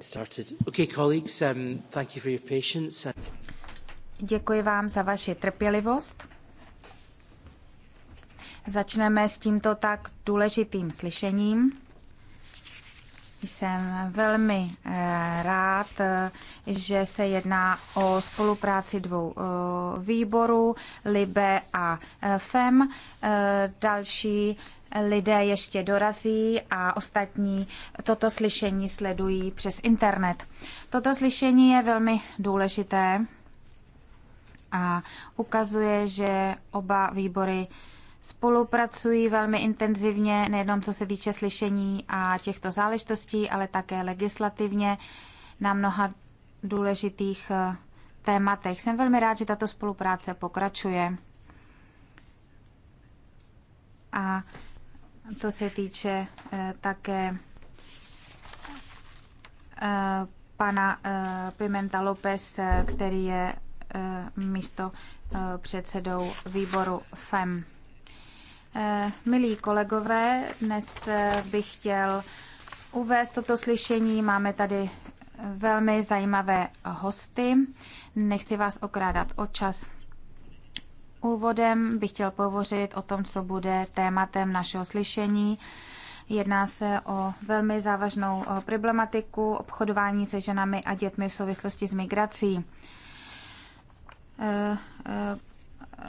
started. Okay, colleagues, um, thank you for your patience. Uh, Děkuji vám za vaši trpělivost. Začneme s tímto tak důležitým slyšením. Jsem velmi eh, rád, že se jedná o spolupráci dvou eh, výborů, LIBE a eh, FEM. Další lidé ještě dorazí a ostatní toto slyšení sledují přes internet. Toto slyšení je velmi důležité a ukazuje, že oba výbory spolupracují velmi intenzivně, nejenom co se týče slyšení a těchto záležitostí, ale také legislativně na mnoha důležitých eh, tématech. Jsem velmi rád, že tato spolupráce pokračuje. A to se týče eh, také eh, pana eh, Pimenta López, který je místo předsedou výboru FEM. Milí kolegové, dnes bych chtěl uvést toto slyšení. Máme tady velmi zajímavé hosty. Nechci vás okrádat o čas. Úvodem bych chtěl pohovořit o tom, co bude tématem našeho slyšení. Jedná se o velmi závažnou problematiku obchodování se ženami a dětmi v souvislosti s migrací. Eh, eh,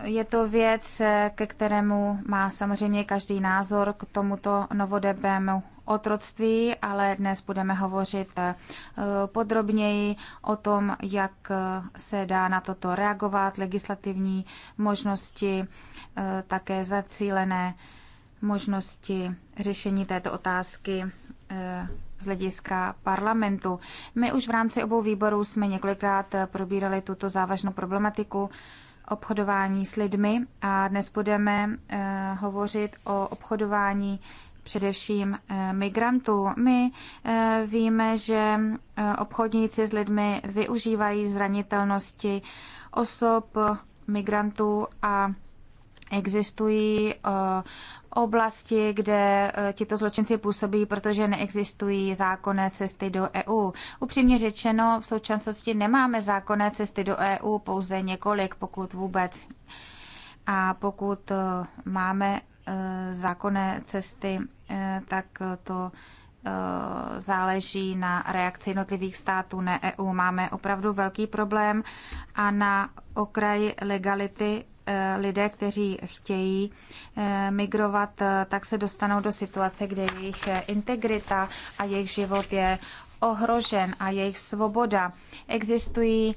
je to věc, ke kterému má samozřejmě každý názor k tomuto novodebému otroctví, ale dnes budeme hovořit eh, podrobněji o tom, jak eh, se dá na toto reagovat, legislativní možnosti, eh, také zacílené možnosti řešení této otázky z hlediska parlamentu. My už v rámci obou výborů jsme několikrát probírali tuto závažnou problematiku obchodování s lidmi a dnes budeme hovořit o obchodování především eh, migrantů. My eh, víme, že eh, obchodníci s lidmi využívají zranitelnosti osob, migrantů a existují oblasti, kde tito zločinci působí, protože neexistují zákonné cesty do EU. Upřímně řečeno, v současnosti nemáme zákonné cesty do EU, pouze několik, pokud vůbec. A pokud máme Eh, zákonné cesty, eh, tak to eh, záleží na reakci jednotlivých států, ne EU. Máme opravdu velký problém a na okraji legality lidé, kteří chtějí migrovat, tak se dostanou do situace, kde jejich integrita a jejich život je ohrožen a jejich svoboda. Existují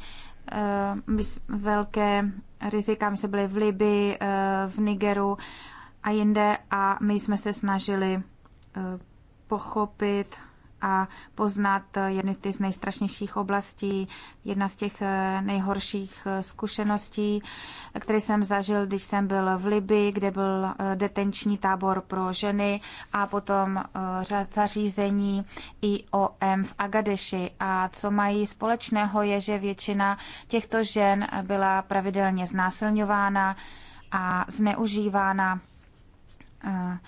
velké rizika. My jsme byli v Libii, v Nigeru a jinde a my jsme se snažili eh, pochopit a poznat jedny ty z nejstrašnějších oblastí, jedna z těch eh, nejhorších eh, zkušeností, které jsem zažil, když jsem byl v Libii, kde byl detenční tábor pro ženy a potom zařízení IOM v Agadeši. A co mají společného je, že většina těchto žen byla pravidelně znásilňována a zneužívána E,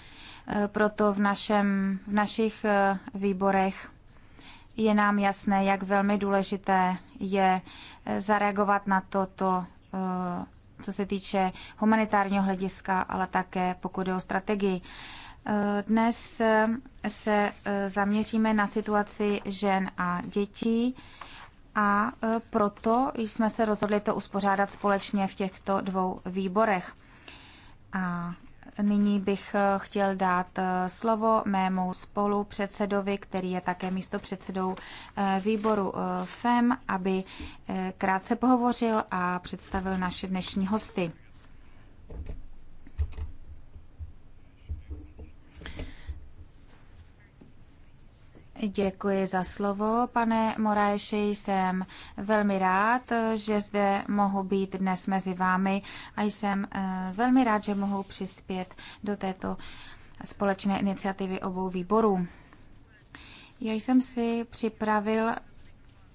proto v, našem, v našich e, výborech je nám jasné, jak velmi důležité je e, zareagovat na toto, co se týče humanitárního hlediska, ale také pokud je o strategii. Dnes se zaměříme na situaci žen a dětí a proto jsme se rozhodli to uspořádat společně v těchto dvou výborech. A Nyní bych eh, chtěl dát eh, slovo mému spolu předsedovi, který je také místopředsedou eh, výboru FEM, aby krátce pohovořil a představil naše dnešní hosty. Děkuji za slovo, pane Moraješi. Jsem velmi rád, že zde mohu být dnes mezi vámi a jsem eh, velmi rád, že mohu přispět do této společné iniciativy obou výborů. Já jsem si připravil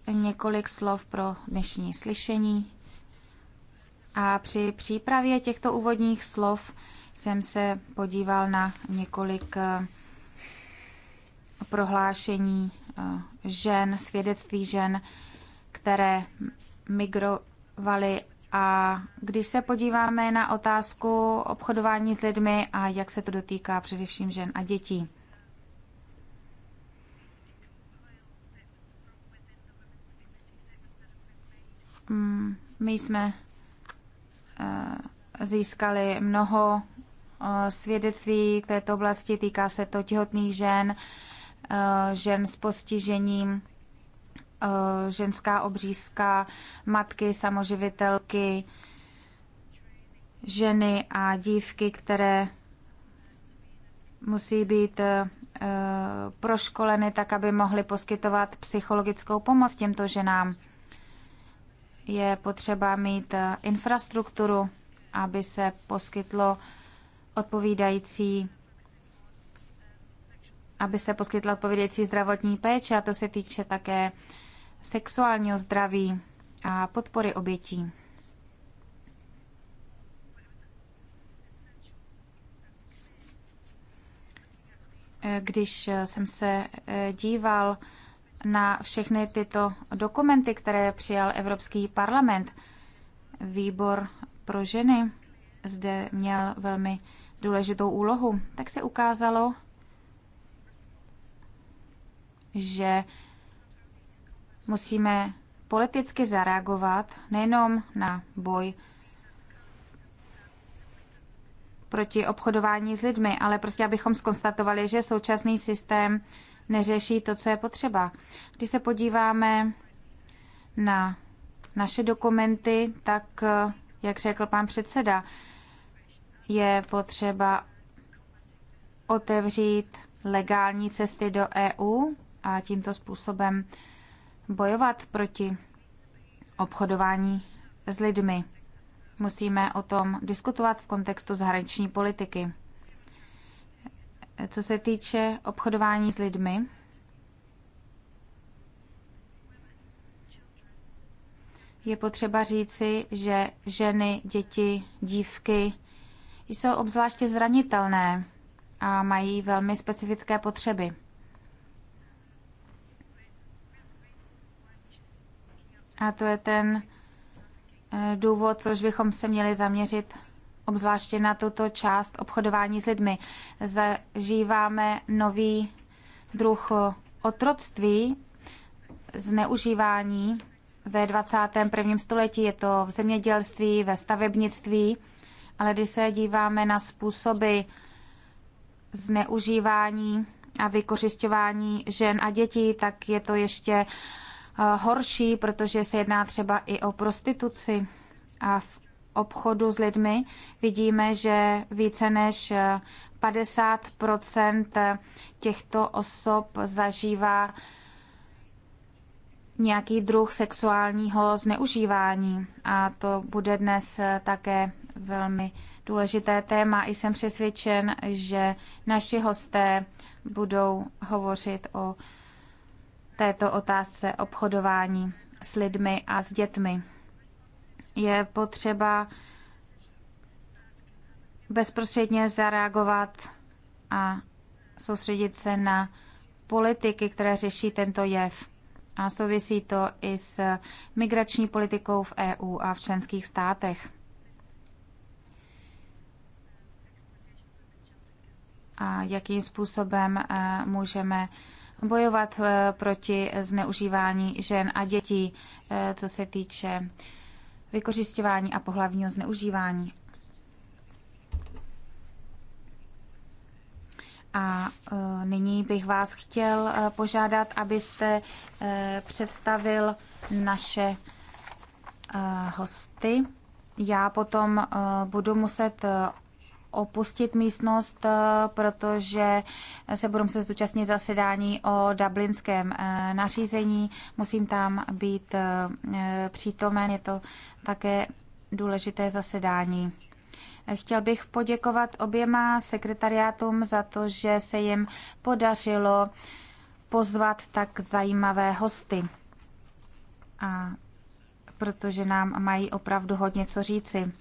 několik slov pro dnešní slyšení a při přípravě těchto úvodních slov jsem se podíval na několik eh, prohlášení eh, žen, svědectví žen, které migrovaly. A když se podíváme na otázku obchodování s lidmi a jak se to dotýká především žen a dětí. Mm, my jsme eh, získali mnoho eh, svědectví k této oblasti, týká se to těhotných žen, Eh, žen s postižením, eh, ženská obřízka, matky, samoživitelky, ženy a dívky, které musí být eh, proškoleny tak, aby mohly poskytovat psychologickou pomoc těmto ženám. Je potřeba mít infrastrukturu, aby se poskytlo odpovídající aby se poskytla odpovědějící zdravotní péče a to se týče také sexuálního zdraví a podpory obětí. Když jsem se eh, díval na všechny tyto dokumenty, které přijal Evropský parlament, výbor pro ženy zde měl velmi důležitou úlohu, tak se ukázalo, že musíme politicky zareagovat nejenom na boj proti obchodování s lidmi, ale prostě abychom skonstatovali, že současný systém neřeší to, co je potřeba. Když se podíváme na naše dokumenty, tak, jak řekl pan předseda, je potřeba otevřít legální cesty do EU a tímto způsobem bojovat proti obchodování s lidmi. Musíme o tom diskutovat v kontextu zahraniční politiky. Co se týče obchodování s lidmi, je potřeba říci, že ženy, děti, dívky jsou obzvláště zranitelné a mají velmi specifické potřeby. A to je ten eh, důvod, proč bychom se měli zaměřit obzvláště na tuto část obchodování s lidmi. Zažíváme nový druh eh, otroctví, zneužívání ve 21. století. Je to v zemědělství, ve stavebnictví, ale když se díváme na způsoby zneužívání a vykořišťování žen a dětí, tak je to ještě horší, protože se jedná třeba i o prostituci. A v obchodu s lidmi vidíme, že více než 50 eh, eh, těchto osob zažívá nějaký druh sexuálního zneužívání. A to bude dnes eh, také velmi důležité téma. I jsem přesvědčen, že naši hosté budou hovořit o této otázce obchodování s lidmi a s dětmi. Je potřeba bezprostředně zareagovat a soustředit se na politiky, které řeší tento jev. A souvisí to i s migrační politikou v EU a v členských státech. A jakým způsobem eh, můžeme bojovat eh, proti zneužívání žen a dětí, eh, co se týče vykořišťování a pohlavního zneužívání. A eh, nyní bych vás chtěl požádat, abyste představil naše hosty. Já potom budu muset opustit místnost, eh, protože se budu muset zúčastnit zasedání o dublinském eh, nařízení. Musím tam být eh, přítomen, je to také důležité zasedání. Chtěl bych poděkovat oběma sekretariátům za to, že se jim podařilo pozvat tak zajímavé hosty. A protože nám mají opravdu hodně co říci.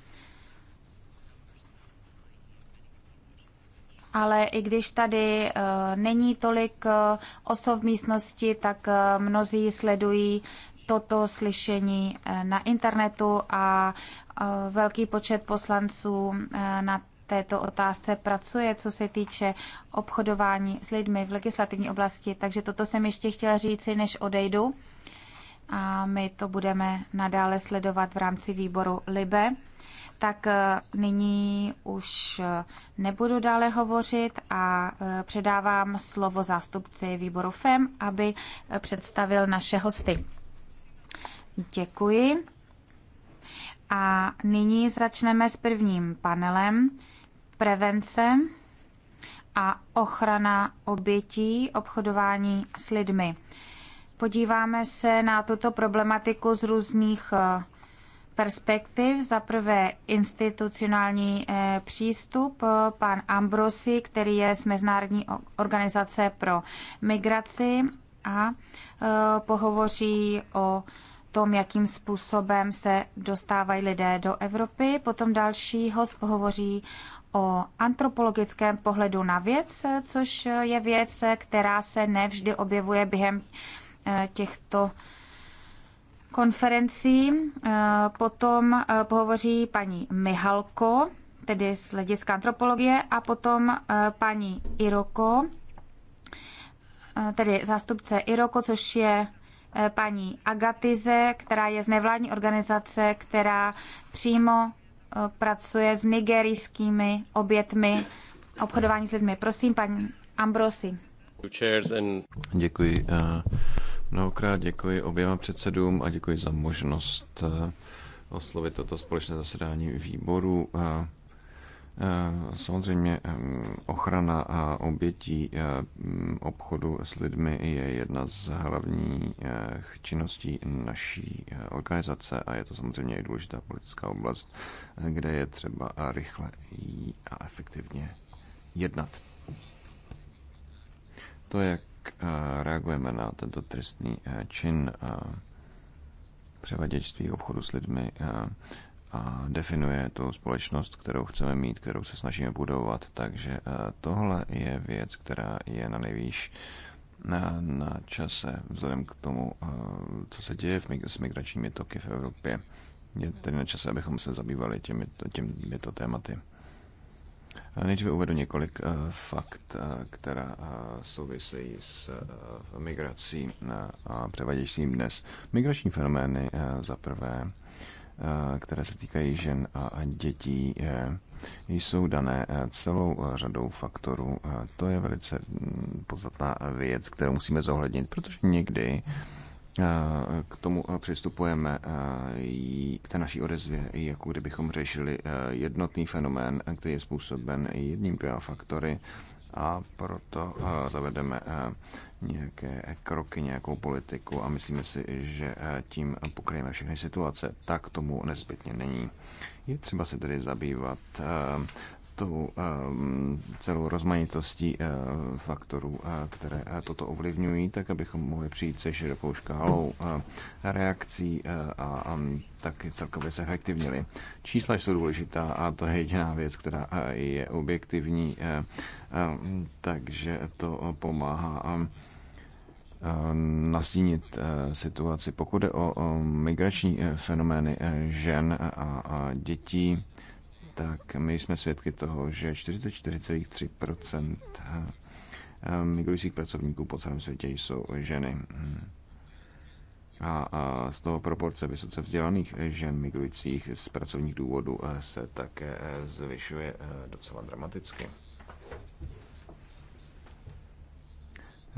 ale i když tady eh, není tolik eh, osob v místnosti, tak eh, mnozí sledují toto slyšení na internetu a velký počet poslanců na této otázce pracuje, co se týče obchodování s lidmi v legislativní oblasti. Takže toto jsem ještě chtěla říci, než odejdu. A my to budeme nadále sledovat v rámci výboru LIBE tak eh, nyní už eh, nebudu dále hovořit a eh, předávám slovo zástupci výboru FEM, aby představil naše hosty. Děkuji. A nyní začneme s prvním panelem prevence a ochrana obětí obchodování s lidmi. Podíváme se na tuto problematiku z různých perspektiv. Za prvé institucionální eh, přístup, pan Ambrosi, který je z Mezinárodní organizace pro migraci a eh, pohovoří o tom, jakým způsobem se dostávají lidé do Evropy. Potom další host pohovoří o antropologickém pohledu na věc, eh, což je věc, která se nevždy objevuje během těchto konferenci eh, potom eh, pohovoří paní Mihalko, tedy z hlediska antropologie, a potom eh, paní Iroko, tedy zástupce Iroko, což je paní Agatize, která je z nevládní organizace, která přímo pracuje s nigerijskými obětmi obchodování s lidmi. Prosím, paní Ambrosi. Děkuji Mnohokrát děkuji oběma předsedům a děkuji za možnost eh, oslovit toto společné zasedání výboru. Eh, eh, samozřejmě ochrana a obětí obchodu s lidmi je jedna z hlavních činností naší organizace a je to samozřejmě i důležitá politická oblast, kde je třeba rychle a efektivně jednat. To, jak reagujeme na tento trestný čin převaděčství obchodu s lidmi a definuje tu společnost, kterou chceme mít, kterou se snažíme budovat. Takže tohle je věc, která je na nejvýš na, na čase, vzhledem k tomu, co se děje v, s migračními toky v Evropě. Je tedy na čase, abychom se zabývali těmito, těmito tématy. Eh, nejdříve uvedu několik eh, fakt, eh, která souvisejí s migrací a převaděčstvím dnes. Migrační fenomény za prvé, které se týkají žen a dětí, jsou dané celou řadou faktorů. To je velice mm, podstatná věc, kterou musíme zohlednit, protože někdy k tomu přistupujeme k té naší odezvě, jako kdybychom řešili jednotný fenomén, který je způsoben jedním dvěma faktory a proto zavedeme nějaké kroky, nějakou politiku a myslíme si, že tím pokryjeme všechny situace. Tak tomu nezbytně není. Je třeba se tedy zabývat tou ehm, celou rozmanitostí eh, faktorů, eh, které eh, toto ovlivňují, tak abychom mohli přijít se širokou škálou reakcí a taky celkově se efektivnili. Čísla jsou důležitá a to je jediná věc, která je objektivní, ehm, takže to pomáhá ehm, nastínit situaci, pokud je o migrační fenomény žen a dětí, tak my jsme svědky toho, že 44,3% eh, migrujících pracovníků po celém světě jsou ženy. A, z toho proporce vysoce vzdělaných žen migrujících z pracovních důvodů eh, se také eh, zvyšuje docela dramaticky.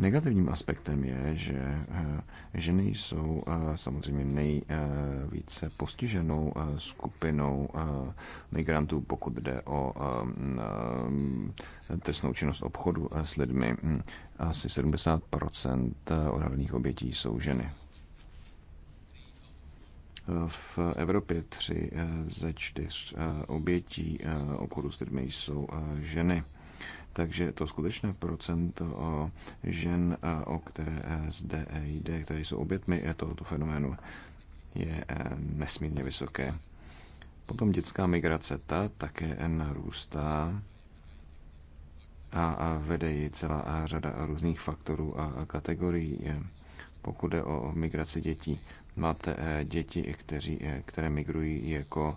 Negativním aspektem je, že eh, ženy jsou eh, samozřejmě nejvíce postiženou eh, skupinou migrantů, pokud jde o trestnou činnost obchodu s lidmi. Mm, asi 70 odhalených obětí jsou ženy. V Evropě tři ze čtyř obětí obchodu s lidmi jsou ženy. Takže to skutečné procento eh, žen, eh, o které eh, zde jde, které jsou obětmi tohoto fenoménu, je nesmírně vysoké. Potom dětská migrace, ta také narůstá a vede ji celá řada různých faktorů a kategorií. Pokud jde o migraci dětí, máte děti, kteří, které migrují jako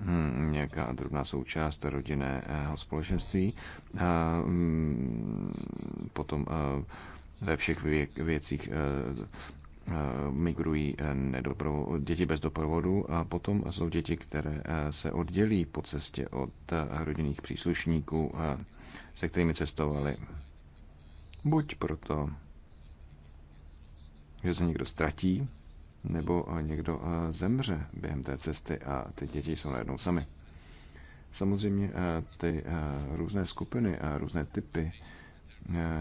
Hmm, nějaká drobná součást rodinného společenství. Hmm, potom ve všech věk, věcích migrují děti bez doprovodu a potom jsou děti, které se oddělí po cestě od rodinných příslušníků, se kterými cestovali. Buď proto, že se někdo ztratí, nebo eh, někdo eh, zemře během té cesty a ty děti jsou najednou sami. Samozřejmě eh, ty různé skupiny a různé typy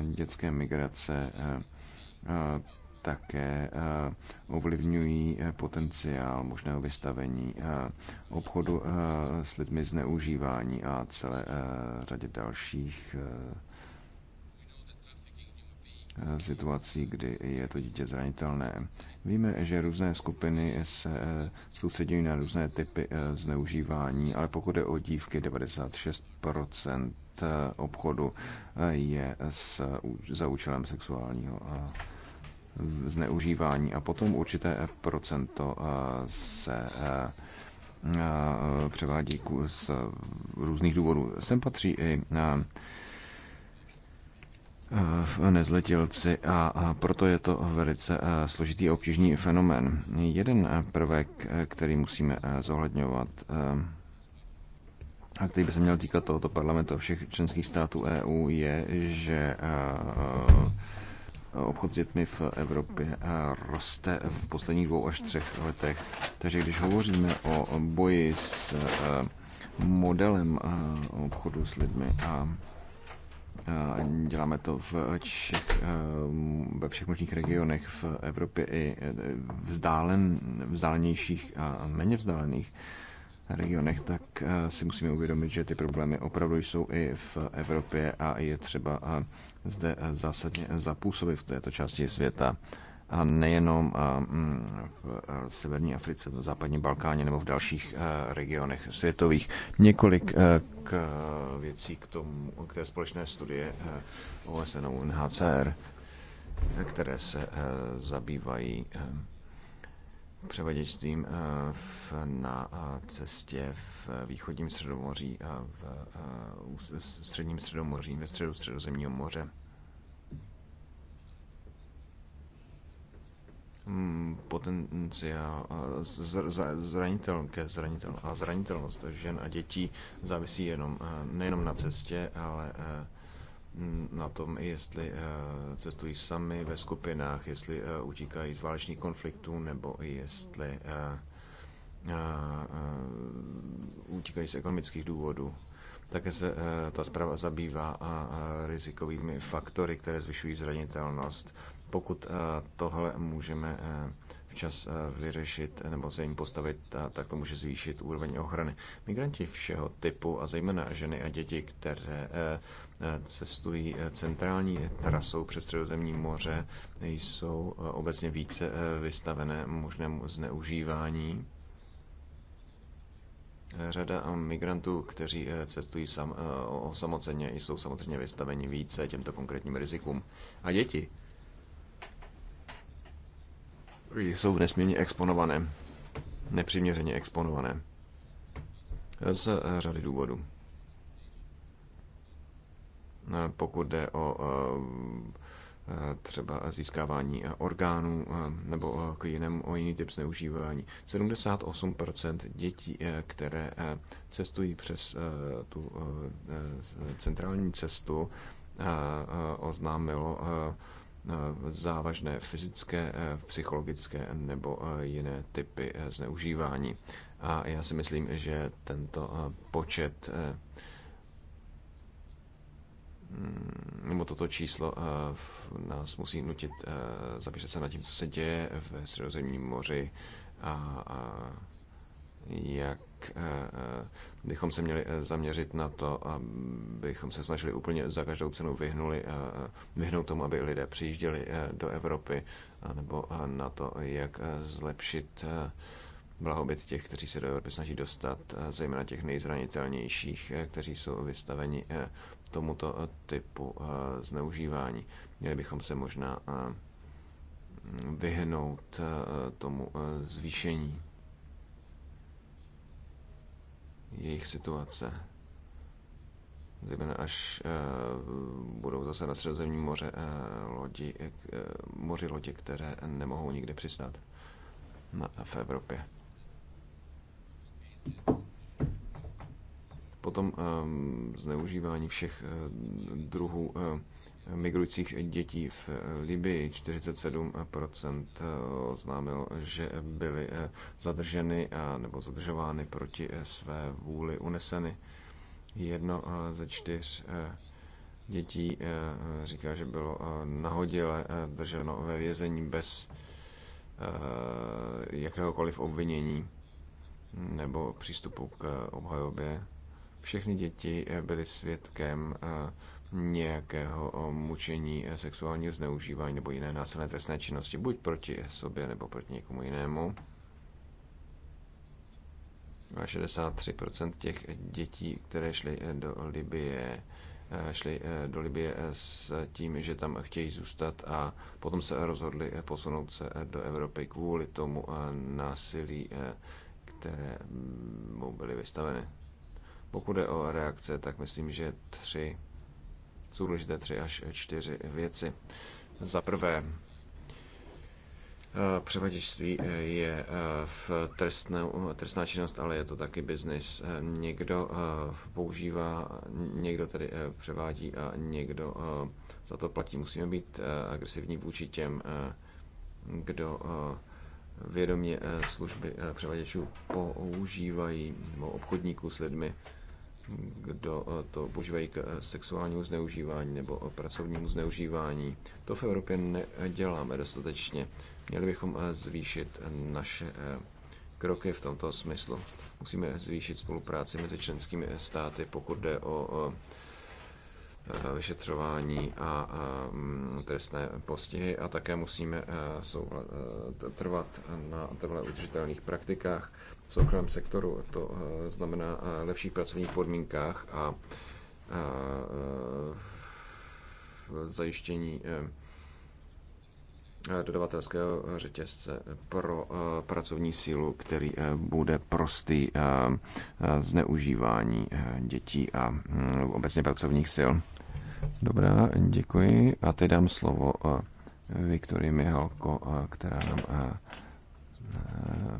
dětské migrace také ovlivňují potenciál možného vystavení obchodu s lidmi zneužívání a celé řadě dalších Eh, situací, kdy je to dítě zranitelné. Víme, že různé skupiny se eh, soustředí na různé typy eh, zneužívání, ale pokud je o dívky, 96% obchodu je s, za účelem sexuálního zneužívání a potom určité procento se převádí z různých důvodů. Sem patří i nezletilci a proto je to velice e, složitý a obtížný fenomén. Jeden e, prvek, e, který musíme zohledňovat a který by se měl týkat tohoto parlamentu a všech členských států EU, je, že obchod s dětmi v Evropě roste v posledních dvou až třech letech. Takže když hovoříme o boji s modelem obchodu s lidmi a Děláme to v všech, eh, ve všech možných regionech v Evropě i eh, vzdálen, vzdálenějších a méně vzdálených regionech, tak eh, si musíme uvědomit, že ty problémy opravdu jsou i v Evropě a je třeba zde zásadně zapůsobit v této části světa a nejenom mm, v severní Africe, v západní Balkáně nebo v dalších e, regionech světových. Několik e, k věcí k, tomu, k té společné studie e, OSN a UNHCR, které se zabývají převaděčstvím na cestě v východním středomoří, v středním středomoří, ve středu středozemního moře. Mm, potenciál zranitel, ke zranitel, a zranitelnost žen a dětí závisí jenom, eh, nejenom na cestě, ale eh, mm, na tom, jestli eh, cestují sami ve skupinách, jestli utíkají z válečných konfliktů, nebo jestli utíkají z ekonomických důvodů. Také se ta zpráva zabývá rizikovými faktory, které zvyšují zranitelnost pokud eh, tohle můžeme eh, včas eh, vyřešit nebo se jim postavit, tak to může zvýšit úroveň ochrany. Migranti všeho typu a zejména ženy a děti, které cestují centrální trasou přes středozemní moře, jsou obecně více vystavené možnému zneužívání. Řada migrantů, kteří cestují sam, osamoceně, jsou samozřejmě vystaveni více těmto konkrétním rizikům. A děti jsou nesmírně exponované, nepřiměřeně exponované z řady důvodů. Eh, pokud jde o eh, eh, třeba získávání orgánů nebo k jinému o jiný typ zneužívání. 78% dětí, které cestují přes tu centrální cestu, oznámilo Eh, závažné fyzické, eh, psychologické nebo eh, jiné typy zneužívání. A já si myslím, že tento počet mm, nebo toto číslo nás musí nutit zapíšet se nad tím, co se děje ve Středozemním moři a jak Eh, eh, bychom se měli eh, zaměřit na to, abychom se snažili úplně za každou cenu vyhnuli, vyhnout tomu, aby lidé přijížděli do Evropy, nebo na to, jak zlepšit blahobyt těch, kteří se do Evropy snaží dostat, zejména těch nejzranitelnějších, kteří jsou vystaveni tomuto typu zneužívání. Měli bychom se možná vyhnout tomu zvýšení jejich situace. Zejména až eh, budou zase na středozemním moře eh, lodi, eh, moři lodi, které nemohou nikde přistát na, v Evropě. Potom ehm, zneužívání všech druhů migrujících dětí v eh, Libii. 47% eh, eh, oznámil, že byly zadrženy a, nebo zadržovány proti své vůli uneseny. Jedno ze čtyř dětí říká, že bylo nahodile drženo ve vězení bez jakéhokoliv obvinění nebo přístupu k obhajobě. Všechny děti byly svědkem nějakého eh, mučení, eh, sexuálního zneužívání nebo jiné násilné trestné činnosti, buď proti sobě nebo proti někomu jinému. A 63% těch dětí, které šly eh, do Libie, šli do Libie s tím, že tam chtějí zůstat a potom se rozhodli posunout se do Evropy kvůli tomu násilí, které mm, mu byly vystaveny. Pokud je o reakce, tak myslím, že tři jsou důležité tři až čtyři věci. Za prvé, eh, Převaděčství eh, je eh, v trestnou, trestná činnost, ale je to taky biznis. Někdo používá, někdo tedy převádí a někdo za to platí. Musíme být agresivní vůči těm, kdo vědomě služby převaděčů používají nebo obchodníků s lidmi kdo eh, to používají k eh, sexuálnímu zneužívání nebo eh, pracovnímu zneužívání. To v Evropě neděláme dostatečně. Měli bychom zvýšit naše kroky v tomto smyslu. Musíme zvýšit spolupráci mezi členskými státy, pokud jde o vyšetřování a trestné postihy a také musíme trvat na trvalé udržitelných praktikách v soukromém sektoru. To eh, znamená eh, lepších pracovních podmínkách a eh, zajištění dodavatelského řetězce pro pracovní sílu, který bude prostý zneužívání dětí a hm, obecně pracovních sil. Dobrá, děkuji. A teď dám slovo Viktorii Mihalko, která nám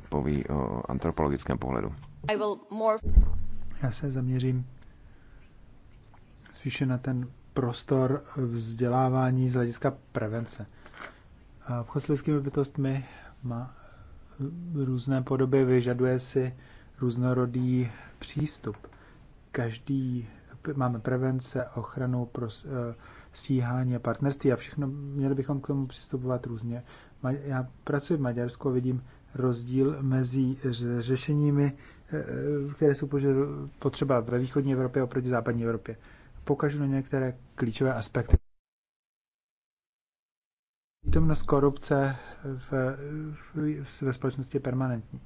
poví o antropologickém pohledu. Já se zaměřím spíše na ten prostor vzdělávání z hlediska prevence. Obchod s lidskými bytostmi má různé podoby, vyžaduje si různorodý přístup. Každý máme prevence, ochranu, pros, eh, stíhání a partnerství a všechno měli bychom k tomu přistupovat různě. Já pracuji v Maďarsku a vidím, rozdíl mezi řešeními, e, e, které jsou potřeba ve východní Evropě oproti západní Evropě. Pokažu na některé klíčové aspekty. Přítomnost korupce v, v, ve společnosti je permanentní.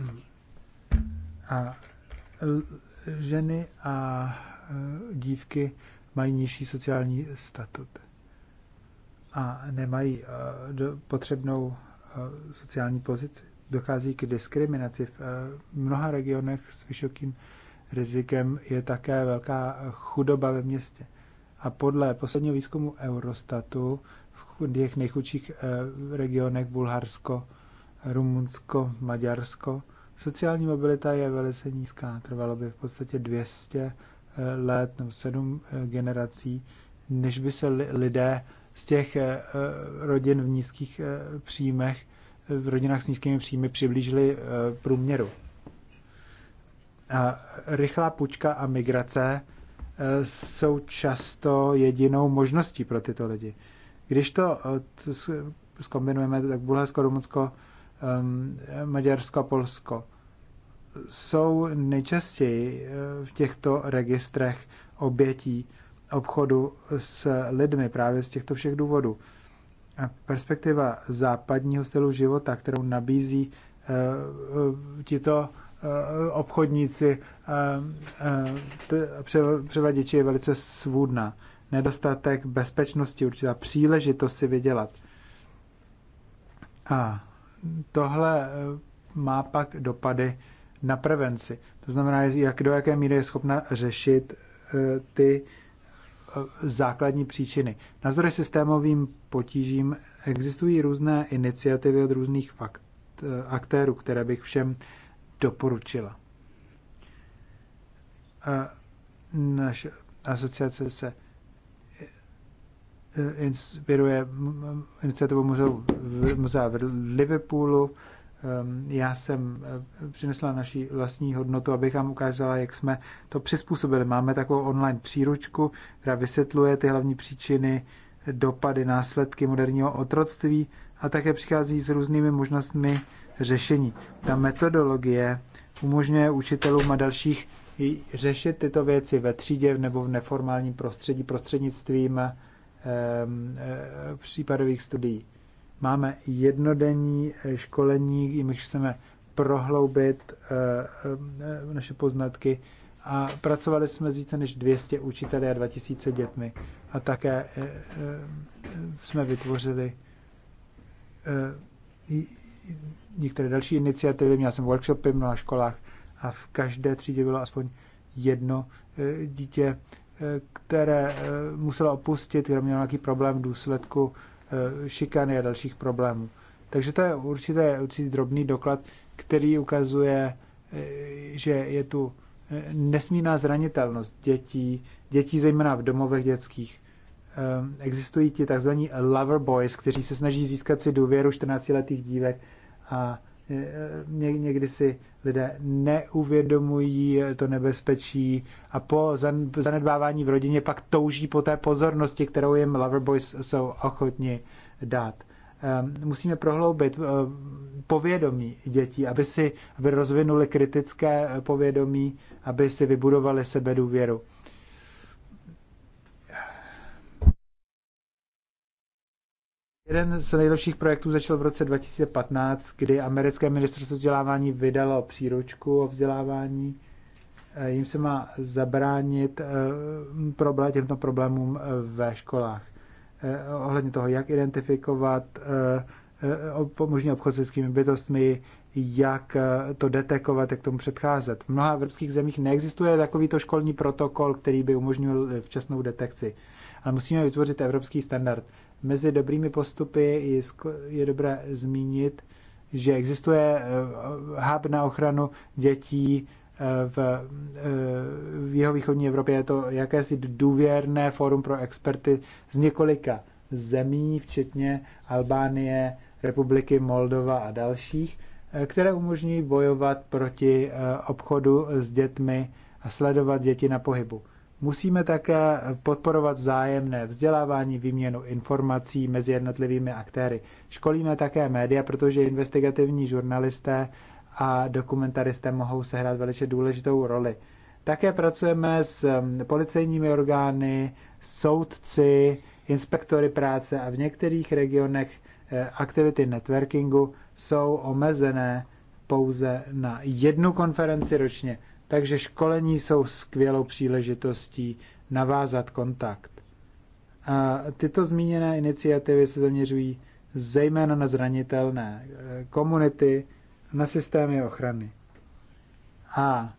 Hmm. A ženy a e, dívky mají nižší sociální statut a nemají eh, potřebnou eh, sociální pozici. Dochází k diskriminaci. V eh, mnoha regionech s vysokým rizikem je také velká chudoba ve městě. A podle posledního výzkumu Eurostatu v těch nejchudších regionech Bulharsko, Rumunsko, Maďarsko, sociální mobilita je velice nízká. Trvalo by v podstatě 200 let nebo 7 generací, než by se lidé z těch eh, eh, rodin v nízkých eh, příjmech, v rodinách s nízkými příjmy přiblížili průměru. A rychlá pučka a migrace jsou často jedinou možností pro tyto lidi. Když to zkombinujeme, tak Bulharsko, Rumunsko, ehm, Maďarsko Polsko jsou nejčastěji v těchto registrech obětí obchodu s lidmi právě z těchto všech důvodů. perspektiva západního stylu života, kterou nabízí eh, eh, tito eh, obchodníci, převaděči je velice svůdná. Nedostatek bezpečnosti, určitá příležitost si vydělat. A tohle má pak dopady na prevenci. To znamená, jak do jaké míry je schopna řešit ty základní příčiny. Navzdory systémovým potížím existují různé iniciativy od různých fakt, eh, aktérů, které bych všem doporučila. Eh, naše asociace se eh, inspiruje iniciativu muzeu, muzea v Liverpoolu, Ehm, já jsem eh, přinesla naši vlastní hodnotu, abych vám ukázala, jak jsme to přizpůsobili. Máme takovou online příručku, která vysvětluje ty hlavní příčiny, dopady, následky moderního otroctví a také přichází s různými možnostmi řešení. Ta metodologie umožňuje učitelům a dalších řešit tyto věci ve třídě nebo v neformálním prostředí prostřednictvím ehm, eh, případových studií. Máme jednodenní eh, školení, jimž chceme prohloubit eh, eh, naše poznatky a pracovali jsme s více než 200 učiteli a 2000 dětmi. A také jsme vytvořili některé další iniciativy, měl jsem workshopy v mnoha školách a v každé třídě bylo aspoň jedno dítě, které muselo opustit, které mělo nějaký problém v důsledku Eh, šikany a dalších problémů. Takže to je určitě, určitě drobný doklad, který ukazuje, eh, že je tu eh, nesmírná zranitelnost dětí, dětí zejména v domovech dětských. Existují ti tzv. lover boys, kteří se snaží získat si důvěru 14-letých dívek a někdy si lidé neuvědomují to nebezpečí a po zanedbávání v rodině pak touží po té pozornosti, kterou jim Loverboys jsou ochotni dát. Ehm, musíme prohloubit eh, povědomí dětí, aby si aby rozvinuli kritické eh, povědomí, aby si vybudovali důvěru. Jeden z nejlepších projektů začal v roce 2015, kdy americké ministerstvo vzdělávání vydalo příručku o vzdělávání. Eh, jim se má zabránit eh, těmto problémům eh, ve školách. Ohledně toho, jak identifikovat možný obchod s lidskými bytostmi, jak to detekovat, jak tomu předcházet. V mnoha evropských zemích neexistuje takovýto školní protokol, který by umožnil včasnou detekci. Ale musíme vytvořit evropský standard. Mezi dobrými postupy je dobré zmínit, že existuje eh, hub na ochranu dětí eh, v, eh, v jeho východní Evropě. Je to jakési důvěrné fórum pro experty z několika zemí, včetně Albánie, Republiky Moldova a dalších, které umožní bojovat proti obchodu s dětmi a sledovat děti na pohybu. Musíme také podporovat vzájemné vzdělávání, výměnu informací mezi jednotlivými aktéry. Školíme také média, protože investigativní žurnalisté a dokumentaristé mohou sehrát velice důležitou roli. Také pracujeme s um, policejními orgány, soudci, inspektory práce a v některých regionech eh, aktivity networkingu jsou omezené pouze na jednu konferenci ročně. Takže školení jsou skvělou příležitostí navázat kontakt. A tyto zmíněné iniciativy se zaměřují zejména na zranitelné eh, komunity, na systémy ochrany. A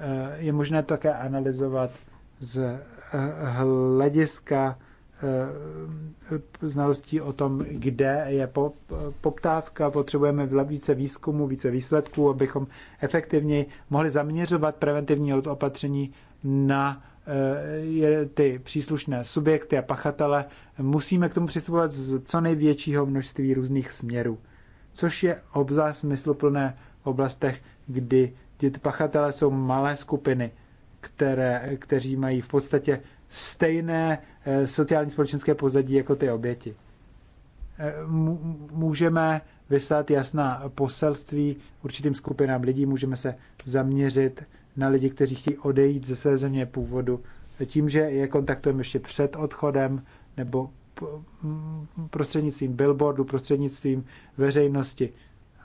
eh, je možné také analyzovat z eh, hlediska Eh, znalostí o tom, kde je poptávka, potřebujeme více výzkumu, více výsledků, abychom efektivně mohli zaměřovat preventivní opatření na eh, ty příslušné subjekty a pachatele. Musíme k tomu přistupovat z co největšího množství různých směrů, což je obzvlášť smysluplné v oblastech, kdy ty pachatele jsou malé skupiny, které, kteří mají v podstatě stejné eh, sociální společenské pozadí jako ty oběti. Eh, můžeme vyslat jasná poselství určitým skupinám lidí, můžeme se zaměřit na lidi, kteří chtějí odejít ze své země původu, tím, že je kontaktujeme ještě před odchodem nebo prostřednictvím billboardu, prostřednictvím veřejnosti,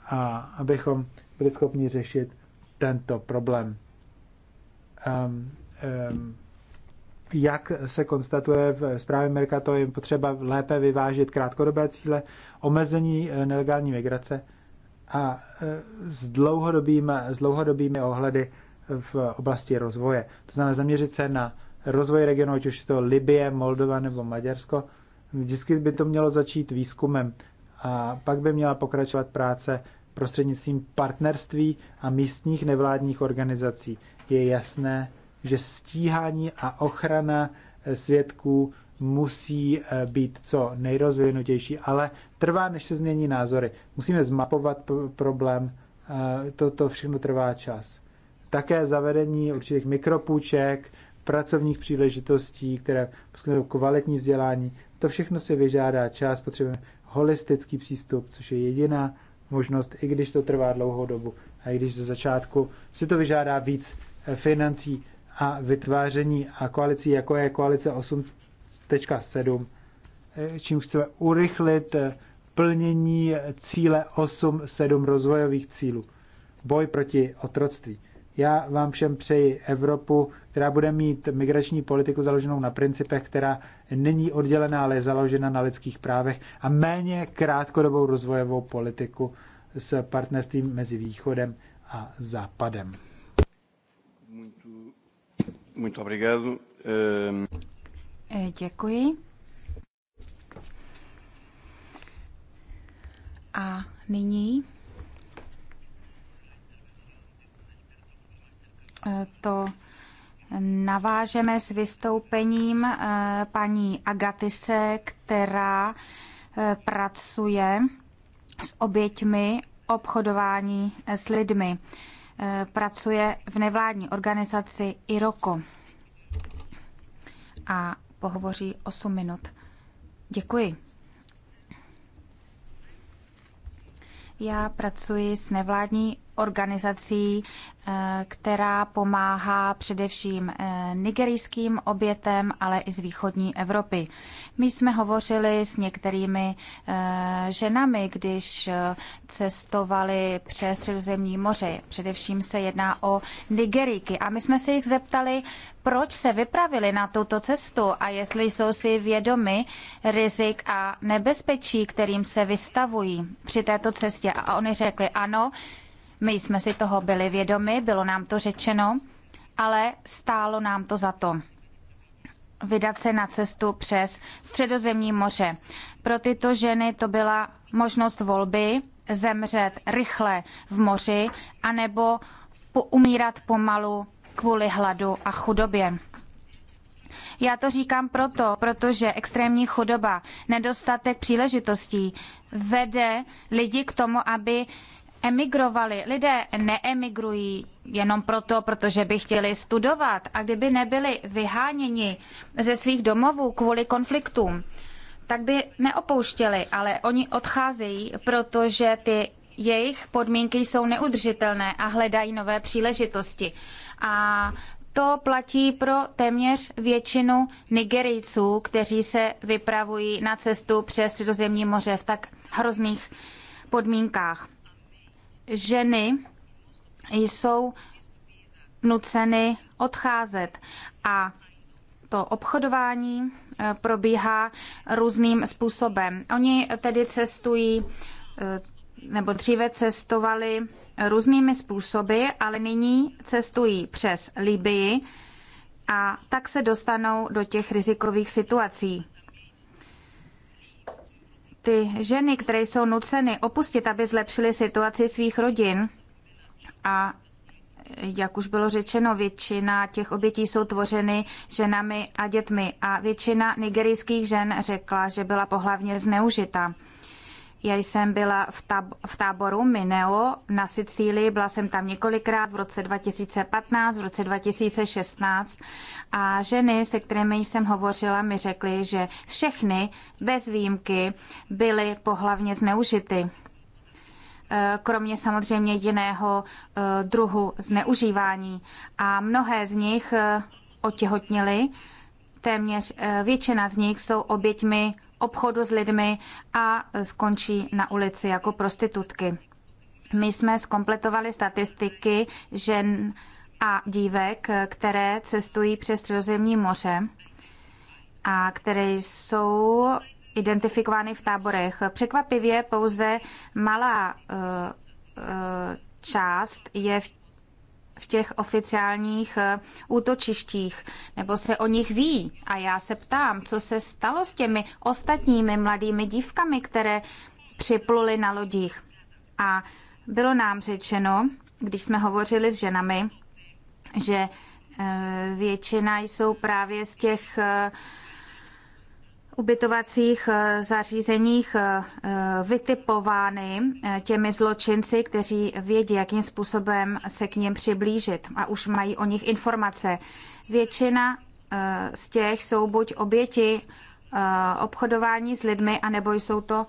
a abychom byli schopni řešit tento problém. Um, um, jak se konstatuje v zprávě Mercato, je potřeba lépe vyvážit krátkodobé cíle, omezení eh, nelegální migrace a eh, s, dlouhodobým, s dlouhodobými ohledy v oblasti rozvoje. To znamená zaměřit se na rozvoj regionu, ať už to Libie, Moldova nebo Maďarsko. Vždycky by to mělo začít výzkumem a pak by měla pokračovat práce prostřednictvím partnerství a místních nevládních organizací. Je jasné, že stíhání a ochrana svědků musí eh, být co nejrozvinutější, ale trvá, než se změní názory. Musíme zmapovat problém, toto eh, všechno trvá čas. Také zavedení určitých mikropůjček, pracovních příležitostí, které poskytnou kvalitní vzdělání, to všechno si vyžádá čas, potřebujeme holistický přístup, což je jediná možnost, i když to trvá dlouhou dobu a i když ze začátku si to vyžádá víc eh, financí a vytváření a koalicí, jako je koalice 8.7, čím chceme urychlit plnění cíle 8.7 rozvojových cílů. Boj proti otroctví. Já vám všem přeji Evropu, která bude mít migrační politiku založenou na principech, která není oddělená, ale je založena na lidských právech a méně krátkodobou rozvojovou politiku s partnerstvím mezi východem a západem. Muito Muito obrigado. Ehm, e, děkuji. A nyní e, to navážeme s vystoupením e, paní Agatise, která pracuje s oběťmi obchodování s lidmi. Eh, pracuje v nevládní organizaci IROKO a pohovoří 8 minut. Děkuji. Já pracuji s nevládní organizací, eh, která pomáhá především eh, nigerijským obětem, ale i z východní Evropy. My jsme hovořili s některými eh, ženami, když cestovali přes Středozemní moře. Především se jedná o nigeríky A my jsme se jich zeptali, proč se vypravili na tuto cestu a jestli jsou si vědomi rizik a nebezpečí, kterým se vystavují při této cestě. A oni řekli ano, my jsme si toho byli vědomi, bylo nám to řečeno, ale stálo nám to za to vydat se na cestu přes Středozemní moře. Pro tyto ženy to byla možnost volby zemřet rychle v moři anebo umírat pomalu kvůli hladu a chudobě. Já to říkám proto, protože extrémní chudoba, nedostatek příležitostí vede lidi k tomu, aby emigrovali. Lidé neemigrují jenom proto, protože by chtěli studovat a kdyby nebyli vyháněni ze svých domovů kvůli konfliktům, tak by neopouštěli, ale oni odcházejí, protože ty jejich podmínky jsou neudržitelné a hledají nové příležitosti. A to platí pro téměř většinu Nigerijců, kteří se vypravují na cestu přes Středozemní moře v tak hrozných podmínkách ženy jsou nuceny odcházet a to obchodování eh, probíhá různým způsobem. Oni tedy cestují eh, nebo dříve cestovali různými způsoby, ale nyní cestují přes Libii a tak se dostanou do těch rizikových situací ty ženy, které jsou nuceny opustit, aby zlepšily situaci svých rodin a jak už bylo řečeno, většina těch obětí jsou tvořeny ženami a dětmi a většina nigerijských žen řekla, že byla pohlavně zneužita. Já jsem byla v, tab- v táboru Mineo na Sicílii, byla jsem tam několikrát v roce 2015, v roce 2016 a ženy, se kterými jsem hovořila, mi řekly, že všechny bez výjimky byly pohlavně zneužity. E, kromě samozřejmě jiného e, druhu zneužívání. A mnohé z nich e, otěhotnily, téměř většina z nich jsou oběťmi obchodu s lidmi a skončí na ulici jako prostitutky. My jsme skompletovali statistiky žen a dívek, které cestují přes Středozemní moře a které jsou identifikovány v táborech. Překvapivě pouze malá eh, eh, část je v v těch oficiálních eh, útočištích, nebo se o nich ví. A já se ptám, co se stalo s těmi ostatními mladými dívkami, které připluly na lodích. A bylo nám řečeno, když jsme hovořili s ženami, že eh, většina jsou právě z těch eh, ubytovacích eh, zařízeních eh, eh, vytipovány těmi zločinci, kteří vědí, jakým způsobem se k ním přiblížit a už mají o nich informace. Většina z těch jsou buď oběti obchodování s lidmi, anebo jsou to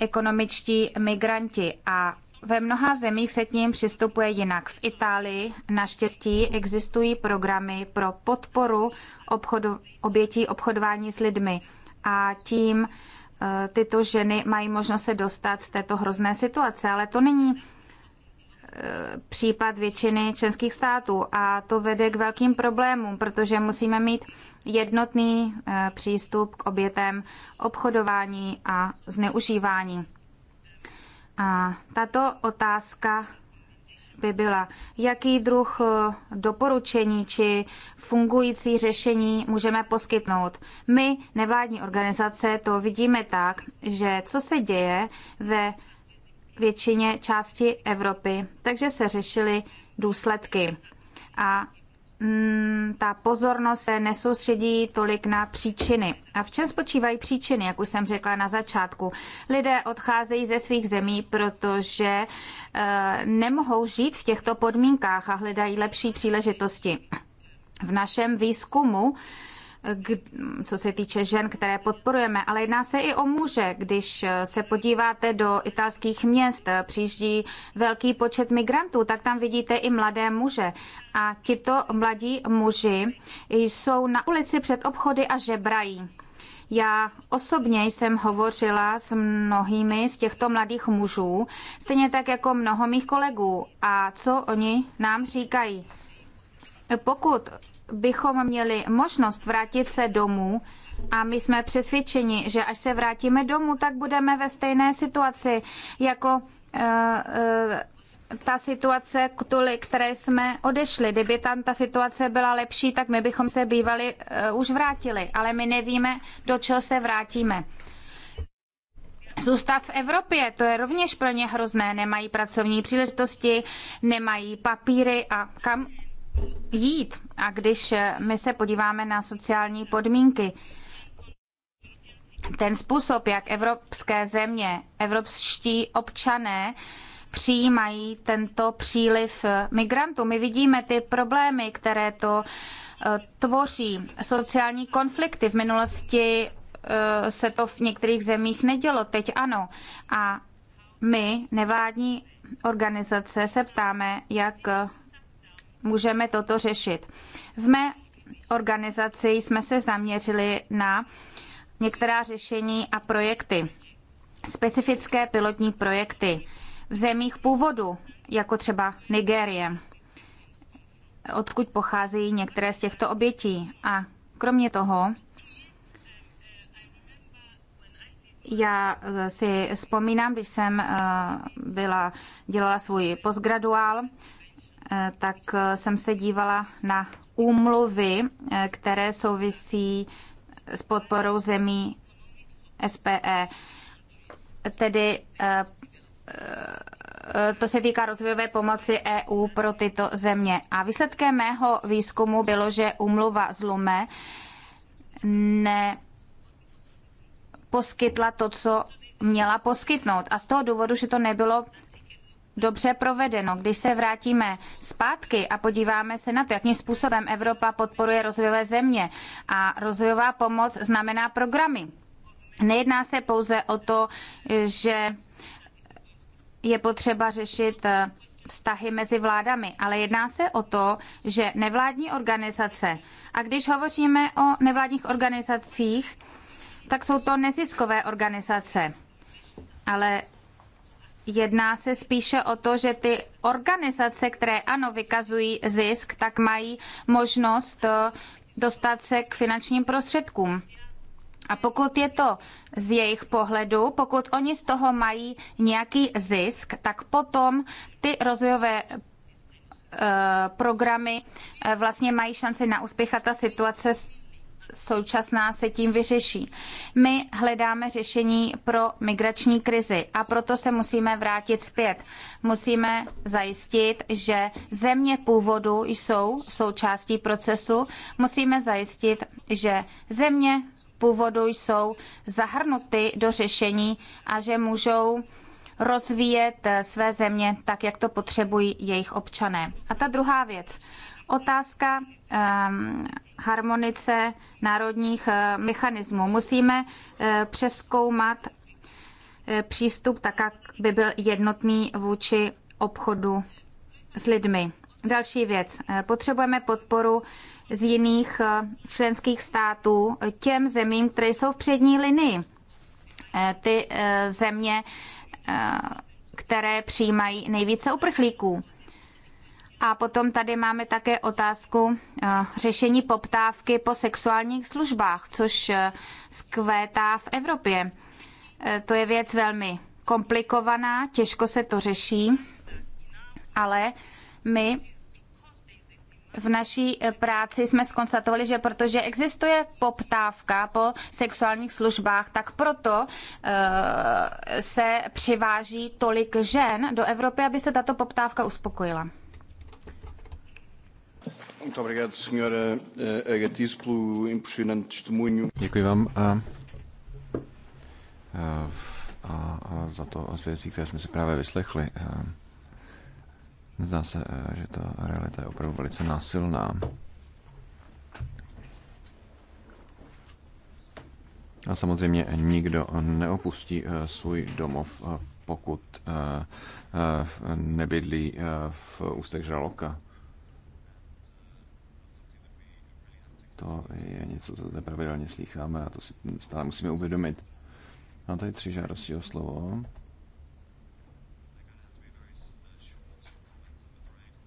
ekonomičtí migranti. A ve mnoha zemích se k ním přistupuje jinak. V Itálii naštěstí existují programy pro podporu obchodu, obětí obchodování s lidmi a tím eh, tyto ženy mají možnost se dostat z této hrozné situace, ale to není eh, případ většiny členských států a to vede k velkým problémům, protože musíme mít jednotný eh, přístup k obětem obchodování a zneužívání. A tato otázka by byla, jaký druh eh, doporučení či fungující řešení můžeme poskytnout. My, nevládní organizace, to vidíme tak, že co se děje ve většině části Evropy, takže se řešily důsledky. A Mm, ta pozornost se nesoustředí tolik na příčiny. A v čem spočívají příčiny, jak už jsem řekla na začátku? Lidé odcházejí ze svých zemí, protože eh, nemohou žít v těchto podmínkách a hledají lepší příležitosti. V našem výzkumu co se týče žen, které podporujeme, ale jedná se i o muže. Když se podíváte do italských měst, přijíždí velký počet migrantů, tak tam vidíte i mladé muže. A tyto mladí muži jsou na ulici před obchody a žebrají. Já osobně jsem hovořila s mnohými z těchto mladých mužů, stejně tak jako mnoho mých kolegů. A co oni nám říkají? Pokud bychom měli možnost vrátit se domů, a my jsme přesvědčeni, že až se vrátíme domů, tak budeme ve stejné situaci jako eh, eh, ta situace, kvůli které jsme odešli. Kdyby tam ta situace byla lepší, tak my bychom se bývali eh, už vrátili, ale my nevíme, do čeho se vrátíme. Zůstat v Evropě, to je rovněž pro ně hrozné. Nemají pracovní příležitosti, nemají papíry a kam jít. A když my se podíváme na sociální podmínky, ten způsob, jak evropské země, evropští občané přijímají tento příliv migrantů. My vidíme ty problémy, které to eh, tvoří. Sociální konflikty v minulosti eh, se to v některých zemích nedělo, teď ano. A my, nevládní organizace, se ptáme, jak můžeme toto řešit. V mé organizaci jsme se zaměřili na některá řešení a projekty. Specifické pilotní projekty v zemích původu, jako třeba Nigérie, odkud pocházejí některé z těchto obětí. A kromě toho, já eh, si vzpomínám, když jsem eh, byla, dělala svůj postgraduál, Eh, tak eh, jsem se dívala na úmluvy, eh, které souvisí s podporou zemí SPE. Tedy to se týká rozvojové pomoci EU pro tyto země. A výsledkem mého výzkumu bylo, že úmluva z Lume ne poskytla to, co měla poskytnout. A z toho důvodu, že to nebylo dobře provedeno. Když se vrátíme zpátky a podíváme se na to, jakým způsobem Evropa podporuje rozvojové země a rozvojová pomoc znamená programy. Nejedná se pouze o to, že je potřeba řešit eh, vztahy mezi vládami, ale jedná se o to, že nevládní organizace, a když hovoříme o nevládních organizacích, tak jsou to neziskové organizace. Ale Jedná se spíše o to, že ty organizace, které ano vykazují zisk, tak mají možnost eh, dostat se k finančním prostředkům. A pokud je to z jejich pohledu, pokud oni z toho mají nějaký zisk, tak potom ty rozvojové eh, programy eh, vlastně mají šanci na úspěch a ta situace současná se tím vyřeší. My hledáme řešení pro migrační krizi a proto se musíme vrátit zpět. Musíme zajistit, že země původu jsou součástí procesu. Musíme zajistit, že země původu jsou zahrnuty do řešení a že můžou rozvíjet své země tak, jak to potřebují jejich občané. A ta druhá věc, otázka um, harmonice národních eh, mechanismů. Musíme eh, přeskoumat eh, přístup tak, aby byl jednotný vůči obchodu s lidmi. Další věc. Potřebujeme podporu z jiných členských států těm zemím, které jsou v přední linii. Ty země, které přijímají nejvíce uprchlíků. A potom tady máme také otázku eh, řešení poptávky po sexuálních službách, což skvétá eh, v Evropě. Eh, to je věc velmi komplikovaná, těžko se to řeší, ale my v naší práci jsme skonstatovali, že protože existuje poptávka po sexuálních službách, tak proto se přiváží tolik žen do Evropy, aby se tato poptávka uspokojila. Muito obrigado, senhora eh, eh, Agatiz, pelo impressionante testemunho. Děkuji vám. A, eh, a, a za to o věcí, které jsme si právě vyslechli. A, Zdá se, a, že ta realita je opravdu velice násilná. A samozřejmě nikdo neopustí a, svůj domov, a, pokud a, a, nebydlí a, v ústech žraloka. To je něco, co zde pravidelně slycháme a to si stále musíme uvědomit. Mám tady tři žádosti o slovo.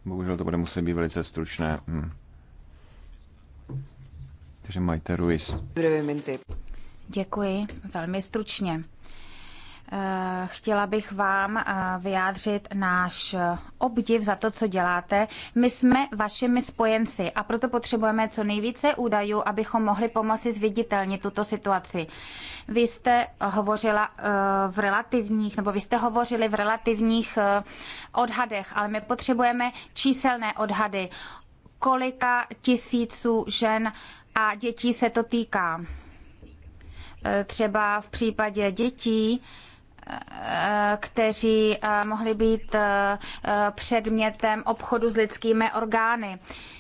Bohužel to bude muset být velice stručné. Hmm. Takže majte Ruiz. Děkuji, velmi stručně. Eh, chtěla bych vám eh, vyjádřit náš eh, obdiv za to, co děláte. My jsme vašimi spojenci a proto potřebujeme co nejvíce údajů, abychom mohli pomoci zviditelnit tuto situaci. Vy jste hovořila v relativních, nebo vy jste hovořili v relativních odhadech, ale my potřebujeme číselné odhady. Kolika tisíců žen a dětí se to týká? Třeba v případě dětí kteří eh, mohli být eh, eh, předmětem obchodu s lidskými orgány.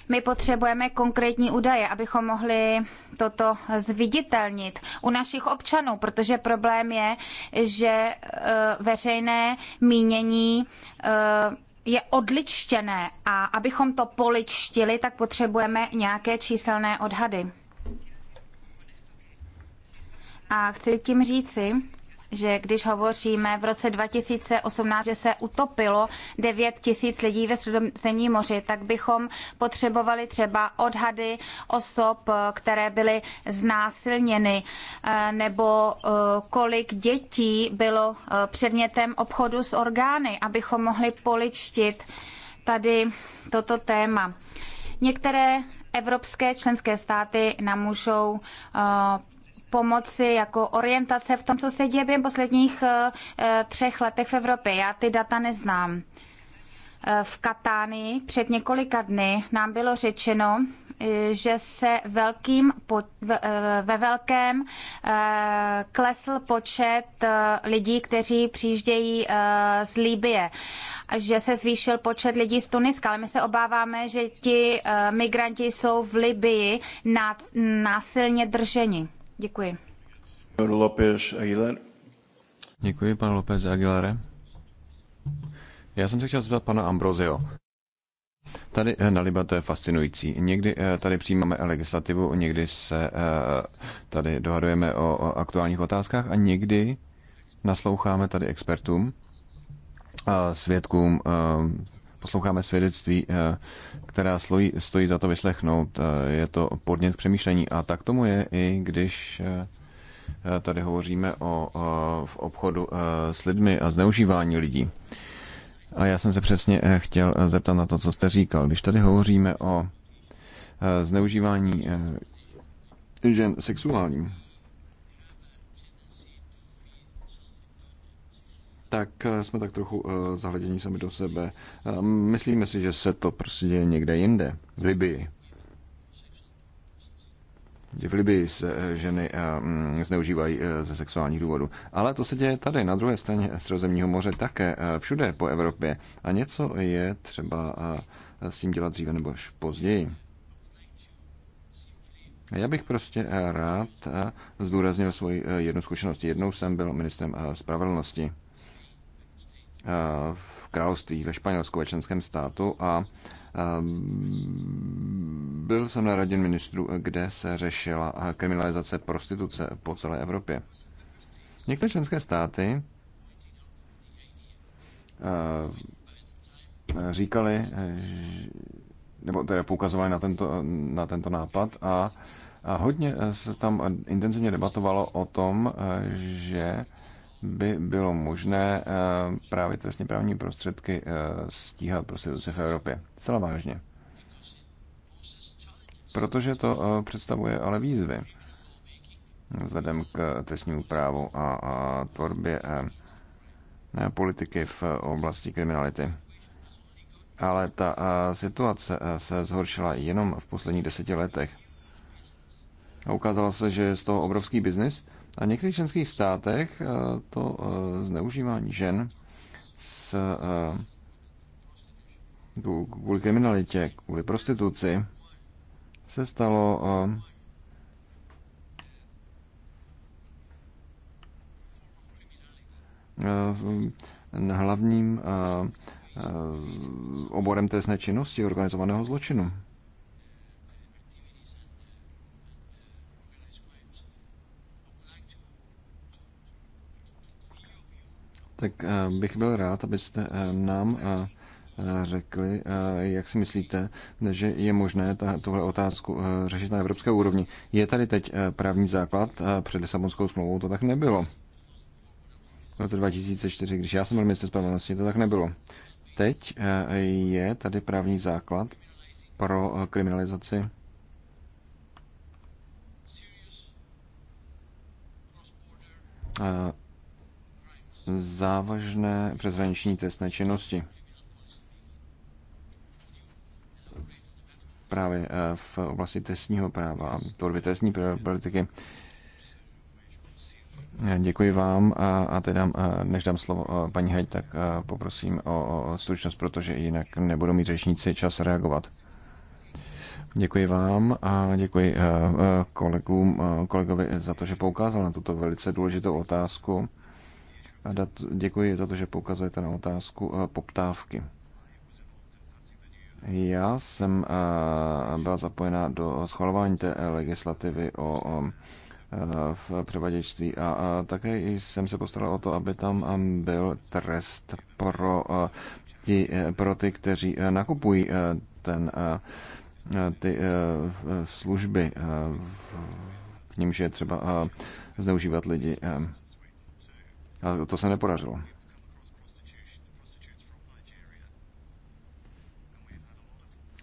My potřebujeme konkrétní údaje, abychom mohli toto zviditelnit u našich občanů, protože problém je, že veřejné mínění je odličtěné a abychom to poličtili, tak potřebujeme nějaké číselné odhady. A chci tím říci, že když hovoříme v roce 2018, že se utopilo 9 tisíc lidí ve Středozemním moři, tak bychom potřebovali třeba odhady osob, eh, které byly znásilněny, eh, nebo eh, kolik dětí bylo předmětem obchodu s orgány, abychom mohli poličtit tady toto téma. Některé evropské členské státy nám můžou pomoci jako orientace v tom, co se děje během posledních eh, třech letech v Evropě. Já ty data neznám. Eh, v Katánii před několika dny nám bylo řečeno, eh, že se velkým, ve velkém klesl počet lidí, kteří přijíždějí z Líbie. Že se zvýšil počet lidí z Tuniska, ale my se obáváme, že ti migranti jsou v Libii násilně drženi. Děkuji. López Aguilar. Děkuji, pane López Aguilare. Já jsem se chtěl zeptat pana Ambrozio. Tady eh, na Liba to je fascinující. Někdy eh, tady přijímáme legislativu, někdy se eh, tady dohadujeme o aktuálních otázkách a někdy nasloucháme tady expertům, svědkům, posloucháme svědectví, eh, která stojí, za to vyslechnout. Eh, je to podnět k přemýšlení a tak tomu je i když eh, tady hovoříme o, v obchodu s lidmi a zneužívání lidí. A já jsem se přesně chtěl zeptat na to, co jste říkal. Když tady hovoříme o zneužívání žen sexuálním, tak eh, jsme tak trochu eh, zahleděni sami do sebe. Eh, myslíme si, že se to prostě děje někde jinde, v Libii. V Libii se ženy mm, zneužívají ze sexuálních důvodů. Ale to se děje tady, na druhé straně Středozemního moře také, všude po Evropě. A něco je třeba s tím dělat dříve nebo až později. Já bych prostě rád zdůraznil svoji jednu zkušenost. Jednou jsem byl ministrem spravedlnosti v království, ve Španělsku, ve členském státu a ehm, byl jsem na radě ministrů, kde se řešila kriminalizace prostituce po celé Evropě. Některé členské státy ehm, říkali, nebo teda poukazovali na tento, na tento nápad a, a hodně se tam intenzivně debatovalo o tom, že by bylo možné eh, právě trestně právní prostředky eh, stíhat prostituce v Evropě. Celá vážně. Protože to eh, představuje ale výzvy vzhledem k trestnímu právu a, a tvorbě politiky v oblasti kriminality. Ale ta situace se zhoršila jenom v posledních deseti letech. A ukázalo se, že je z toho obrovský biznis a v některých členských státech eh, to eh, zneužívání žen s, eh, kvůli kriminalitě, kvůli prostituci se stalo hlavním oborem trestné činnosti organizovaného zločinu. tak eh, bych byl rád, abyste eh, nám eh, řekli, jak si myslíte, že je možné tuhle otázku řešit na evropské úrovni. Je tady teď právní základ, před Lisabonskou smlouvou to tak nebylo. V roce 2004, když já jsem byl minister spravedlnosti, to tak nebylo. Teď je tady právní základ pro kriminalizaci závažné přeshraniční trestné činnosti. Právě eh, v oblasti trestního práva a tvorby trestní politiky. Eh, děkuji vám a, a teď dám, eh, než dám slovo paní Heď, tak poprosím o, o stručnost, protože jinak nebudou mít řečníci čas reagovat. Děkuji vám a děkuji kolegům, kolegovi za to, že poukázal na tuto velice důležitou otázku. Dat, děkuji za to, že poukazujete na otázku eh, poptávky. Já jsem eh, byla zapojena do schvalování té legislativy o eh, v převaděčství a také jsem se postaral o to, aby tam byl trest pro ti, pro ty, kteří nakupují ten, ty služby, k nímž je třeba zneužívat lidi. A to se nepodařilo.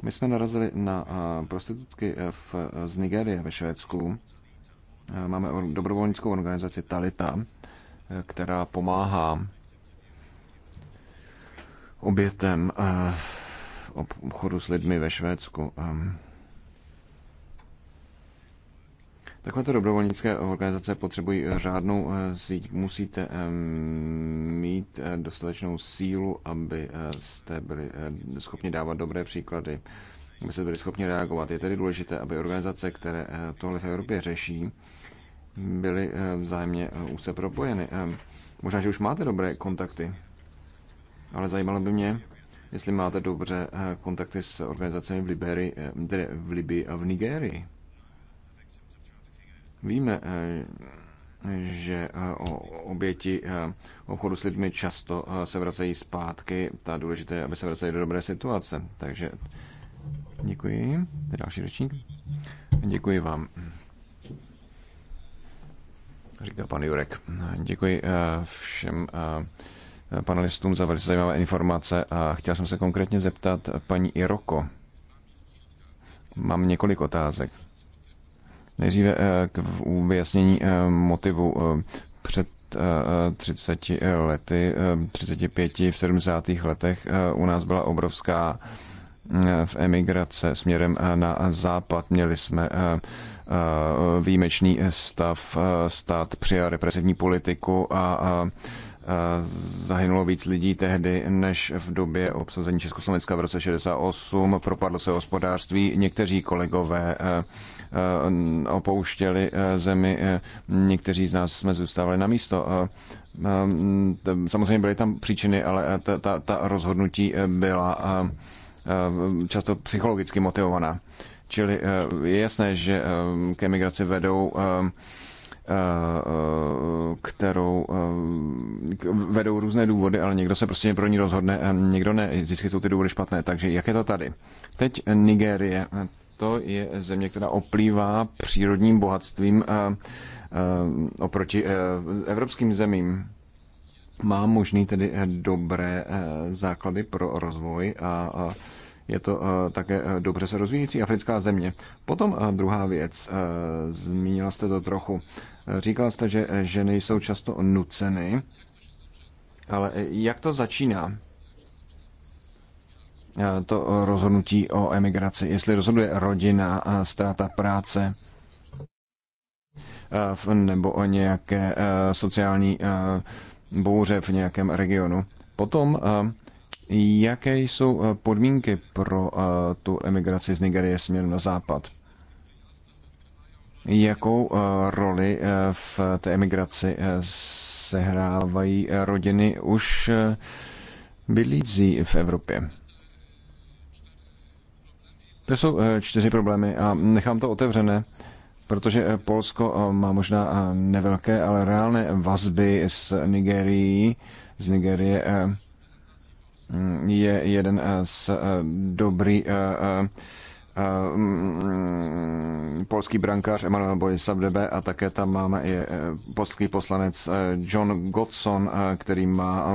My jsme narazili na eh, prostitutky eh, v, eh, z Nigerie ve Švédsku. Máme dobrovolnickou organizaci Talita, která pomáhá obětem obchodu s lidmi ve Švédsku. Ehm, Takovéto dobrovolnické organizace potřebují řádnou eh, síť. Musíte eh, mít eh, dostatečnou sílu, abyste byli schopni dávat dobré příklady, aby se byli schopni reagovat. Je tedy důležité, aby organizace, které tohle v Evropě řeší, byly vzájemně úzce propojeny. Možná, že už máte dobré kontakty, ale zajímalo by mě, jestli máte dobře kontakty s organizacemi v Liberii, v Libii a v Nigérii. Víme, eh, že eh, o oběti eh, obchodu s lidmi často se vracejí zpátky. Ta důležité je, aby se vraceli do dobré situace. Takže děkuji. To je další řečník. Děkuji vám. Říká pan Jurek. Děkuji všem panelistům za velice zajímavé informace a chtěl jsem se konkrétně zeptat paní Iroko. Mám několik otázek. Nejdříve eh, k vyjasnění eh, motivu eh, před 30 lety, 35 v 70. letech u nás byla obrovská v emigrace směrem na západ. Měli jsme výjimečný stav, stát přijal represivní politiku a zahynulo víc lidí tehdy než v době obsazení Československa v roce 68. Propadlo se hospodářství. Někteří kolegové Eh, opouštěli eh, zemi, eh, někteří z nás jsme zůstávali na místo. Mm, samozřejmě byly tam příčiny, ale ta, ta, ta rozhodnutí byla často psychologicky motivovaná. Čili je jasné, že k emigraci vedou kterou vedou různé důvody, ale někdo se prostě pro ní rozhodne, někdo ne. Vždycky jsou ty důvody špatné. Takže jak je to tady? Teď Nigérie, to je země, která oplývá přírodním bohatstvím eh, eh, oproti eh, evropským zemím. Má možný tedy dobré základy pro rozvoj a je to také dobře se rozvíjící africká země. Potom druhá věc, zmínila jste to trochu. Říkala jste, že ženy jsou často nuceny, ale jak to začíná? Eh, to rozhodnutí o emigraci. Jestli rozhoduje rodina, ztráta práce eh, nebo o nějaké eh, sociální bouře v nějakém regionu. Potom, jaké jsou podmínky pro tu emigraci z Nigerie směrem na západ? Jakou roli v té emigraci sehrávají rodiny už bydlící v Evropě? To jsou eh, čtyři problémy a nechám to otevřené, protože eh, Polsko eh, má možná nevelké, ale reálné vazby s Nigerií. Z Nigerie mm, je jeden z dobrý mm, polský brankář Emanuel Boris Abdebe a také tam máme i polský poslanec John Godson, který má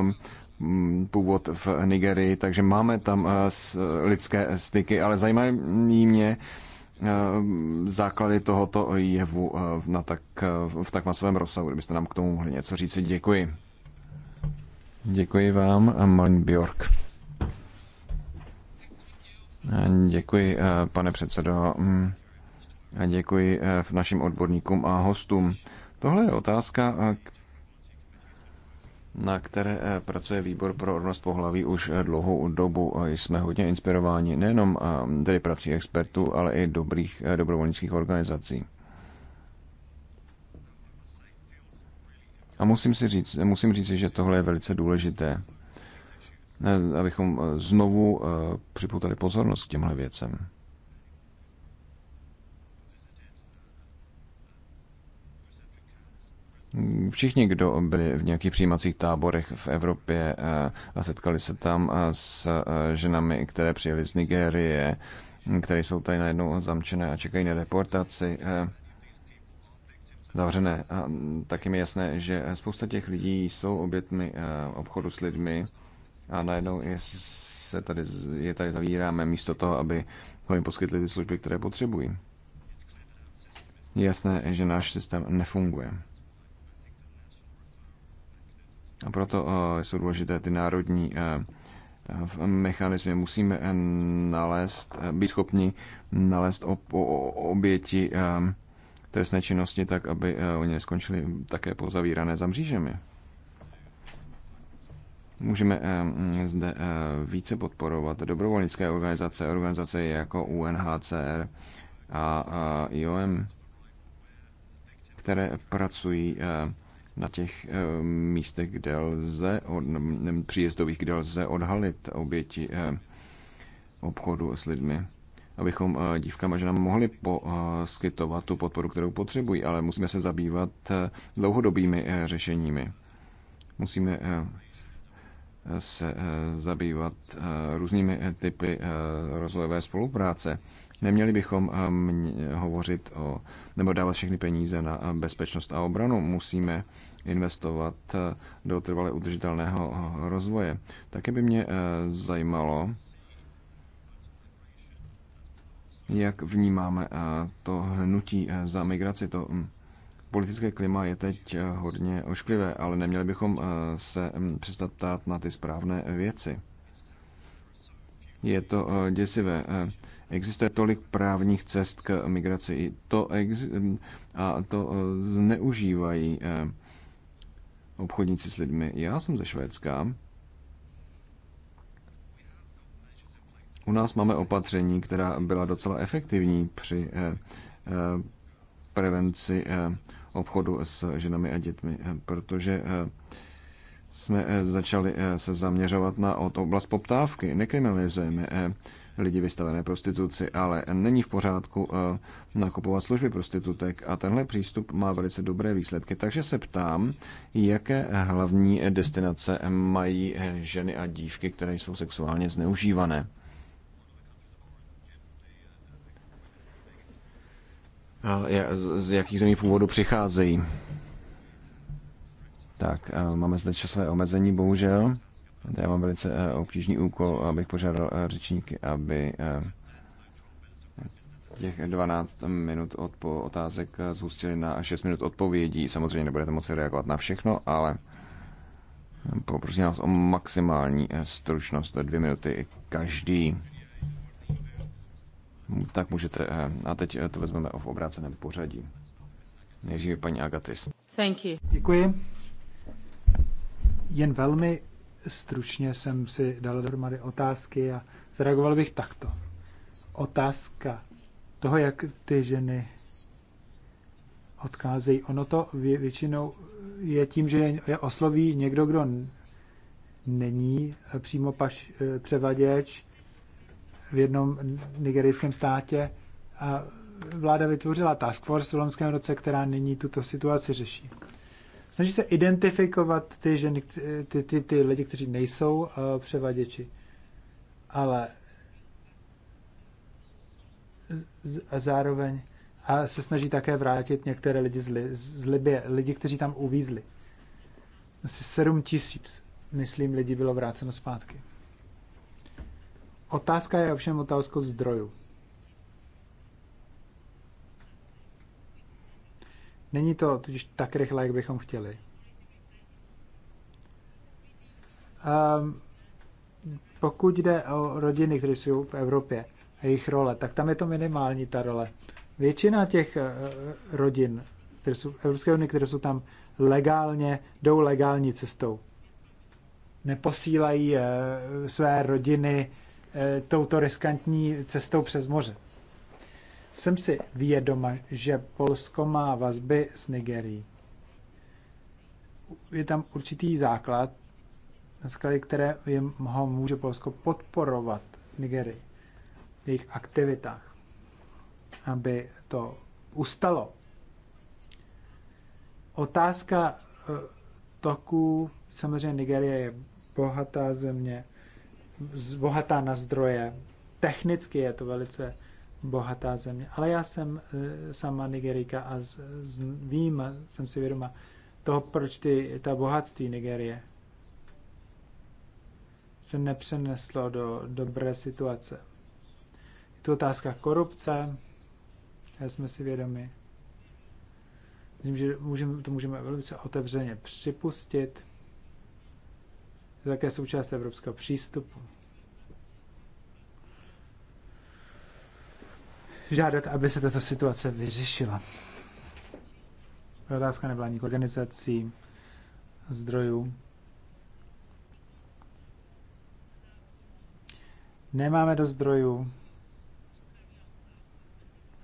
Mm, původ v Nigerii, takže máme tam eh, lidské styky, ale zajímají mě eh, základy tohoto jevu eh, na tak, v tak masovém rozsahu. Kdybyste nám k tomu mohli něco říct, děkuji. Děkuji vám, Malin Bjork. Děkuji, pane předsedo. Mm, děkuji našim odborníkům a hostům. Tohle je otázka, na které eh, pracuje výbor pro rovnost pohlaví už eh, dlouhou dobu. Jsme hodně inspirováni nejenom eh, tedy prací expertů, ale i dobrých dobrovolnických organizací. A musím, si říct, musím říct, že tohle je velice důležité, abychom znovu připoutali pozornost k těmhle věcem. Všichni, kdo byli v nějakých přijímacích táborech v Evropě eh, a setkali se tam eh, s eh, ženami, které přijeli z Nigérie, které jsou tady najednou zamčené a čekají na deportaci, zavřené. A mm, taky mi jasné, že spousta těch lidí jsou obětmi obchodu s lidmi a najednou je, se tady, je tady zavíráme místo toho, aby jim poskytli ty služby, které potřebují. Je jasné, že náš systém nefunguje. A proto eh, jsou důležité ty národní eh, eh, mechanismy. Musíme nalézt, být schopni nalézt oběti trestné činnosti tak, aby oni neskončili také pozavírané za mřížemi. Můžeme mm, zde více podporovat dobrovolnické organizace, organizace jako UNHCR a IOM, které pracují na těch eh, místech, kde lze, od, mm, příjezdových, kde lze odhalit oběti eh, obchodu s lidmi abychom eh, dívkám a ženám mohli poskytovat tu podporu, kterou potřebují, ale musíme se zabývat dlouhodobými řešeními. Musíme se zabývat různými typy rozvojové spolupráce. Neměli bychom hovořit o, nebo dávat všechny peníze na bezpečnost a obranu. Musíme investovat eh, do trvale udržitelného eh, rozvoje. Také by mě eh, zajímalo, jak vnímáme to hnutí za migraci. To hm, politické klima je teď hodně ošklivé, ale neměli bychom se hm, přestat ptát na ty správné věci. Je to děsivé. Existuje tolik právních cest k migraci. To hm, a to zneužívají obchodníci s lidmi. Já jsem ze Švédska. U nás máme opatření, která byla docela efektivní při eh, eh, prevenci eh, obchodu s ženami a dětmi, protože jsme začali se zaměřovat na oblast poptávky. Nekriminalizujeme lidi vystavené prostituci, ale není v pořádku eh, nakupovat služby prostitutek a tenhle přístup má velice dobré výsledky. Takže se ptám, jaké hlavní destinace mají eh, ženy a dívky, které jsou sexuálně zneužívané. A z jakých zemí původu přicházejí? Tak, eh, máme zde časové omezení, bohužel. Já mám velice eh, obtížný úkol, abych požádal eh, řečníky, aby eh, těch 12 minut odpo- otázek zůstili na 6 minut odpovědí. Samozřejmě nebudete moci reagovat na všechno, ale poprosím vás o maximální stručnost, dvě minuty každý. Tak můžete, a teď to vezmeme v obráceném pořadí. Nejdříve paní Agatis. Thank you. Děkuji. Jen velmi Stručně jsem si dal dohromady otázky a zareagoval bych takto. Otázka toho, jak ty ženy odkázejí. Ono to většinou je tím, že je osloví někdo, kdo není přímo paš, eh, převaděč v jednom nigerijském státě a vláda vytvořila task force v lomském roce, která nyní tuto situaci řeší. Snaží se identifikovat ty, ženy, ty, ty, ty lidi, kteří nejsou eh, převaděči. Ale a zároveň a se snaží také vrátit některé lidi z, Li, z Libie, lidi, kteří tam uvízli. Asi 7 tisíc, myslím, lidí bylo vráceno zpátky. Otázka je ovšem otázkou zdrojů. Není to totiž tak rychle, jak bychom chtěli. Um, pokud jde o rodiny, které jsou v Evropě a jejich role, tak tam je to minimální ta role. Většina těch eh, rodin, které jsou v Evropské unii, které jsou tam legálně, jdou legální cestou. Neposílají eh, své rodiny eh, touto riskantní cestou přes moře. Jsem si vědoma, že Polsko má vazby s Nigerií. Je tam určitý základ, na základě které ho může Polsko podporovat Nigerii v jejich aktivitách, aby to ustalo. Otázka eh, toku, samozřejmě Nigerie je bohatá země, bohatá na zdroje, technicky je to velice bohatá země. Ale já jsem e, sama Nigerika a z, z, vím, a jsem si vědoma toho, proč ty, ta bohatství Nigerie se nepřeneslo do dobré situace. Je to otázka korupce, já jsme si vědomi. Myslím, že můžeme, to můžeme velice otevřeně připustit. Je také součást evropského přístupu. žádat, aby se tato situace vyřešila. Otázka nevládních organizací, zdrojů. Nemáme do zdrojů,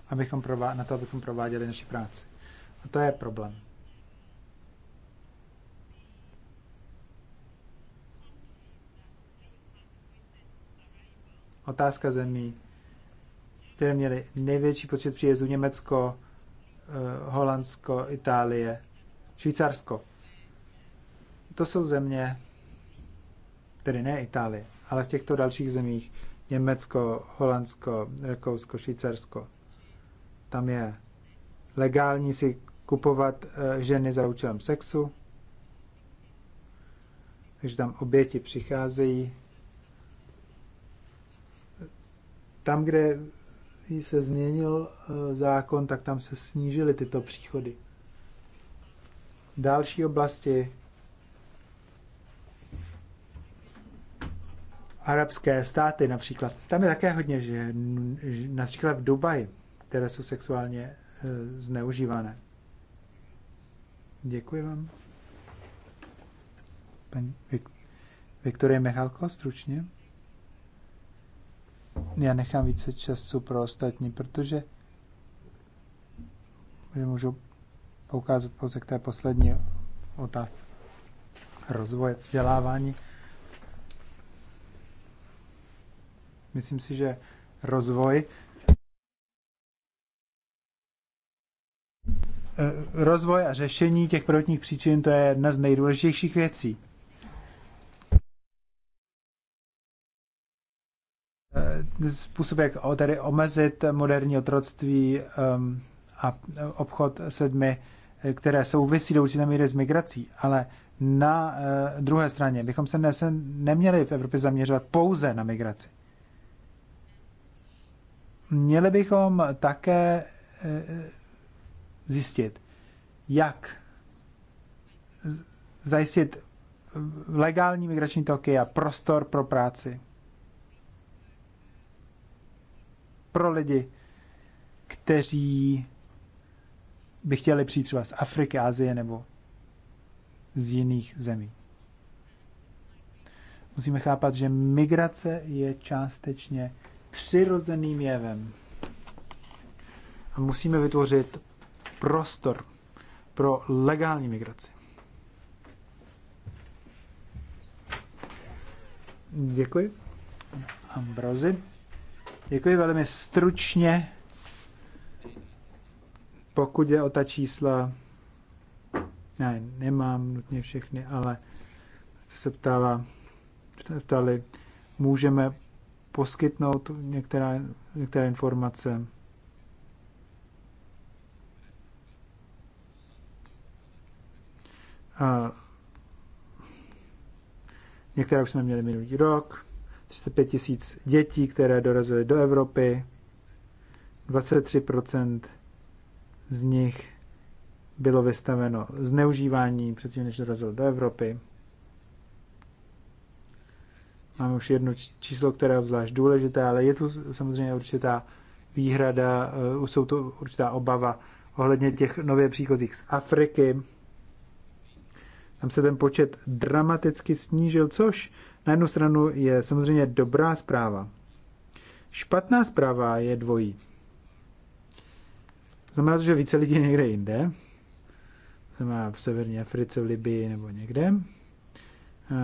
abychom prová- na to, abychom prováděli naši práci. A to je problém. Otázka zemí, které měly největší počet příjezdů Německo, eh, Holandsko, Itálie, Švýcarsko. To jsou země, tedy ne Itálie, ale v těchto dalších zemích Německo, Holandsko, Rakousko, Švýcarsko. Tam je legální si kupovat eh, ženy za účelem sexu, takže tam oběti přicházejí. Tam, kde se změnil eh, zákon, tak tam se snížily tyto příchody. Další oblasti arabské státy například. Tam je také hodně, že například v Dubaji, které jsou sexuálně eh, zneužívané. Děkuji vám. Paní Viktorie Michalko, stručně já nechám více času pro ostatní, protože že můžu poukázat pouze k té poslední otázce rozvoje vzdělávání. Myslím si, že rozvoj eh, rozvoj a řešení těch prvotních příčin to je jedna z nejdůležitějších věcí. způsob, jak tedy omezit moderní otroctví um, a obchod s lidmi, které souvisí do určité míry s migrací, ale na eh, druhé straně bychom se neměli v Evropě zaměřovat pouze na migraci. Měli bychom také eh, zjistit, jak zajistit eh, legální migrační toky a prostor pro práci pro lidi, kteří by chtěli přijít třeba z Afriky, Asie nebo z jiných zemí. Musíme chápat, že migrace je částečně přirozeným jevem. A musíme vytvořit prostor pro legální migraci. Děkuji. Ambrozy. Děkuji velmi stručně. Pokud je o ta čísla, ne, nemám nutně všechny, ale jste se ptala, ptali, můžeme poskytnout některá, některé informace. A některé už jsme měli minulý rok. 35 tisíc dětí, které dorazily do Evropy. 23% z nich bylo vystaveno zneužívání předtím, než dorazilo do Evropy. Mám už jedno číslo, které je obzvlášť důležité, ale je tu samozřejmě určitá výhrada, eh, jsou tu určitá obava ohledně těch nově příchozích z Afriky. Tam se ten počet dramaticky snížil, což na jednu stranu je samozřejmě dobrá zpráva. Špatná zpráva je dvojí. Znamená to, že více lidí někde jinde, znamená v severní Africe, v Libii nebo někde,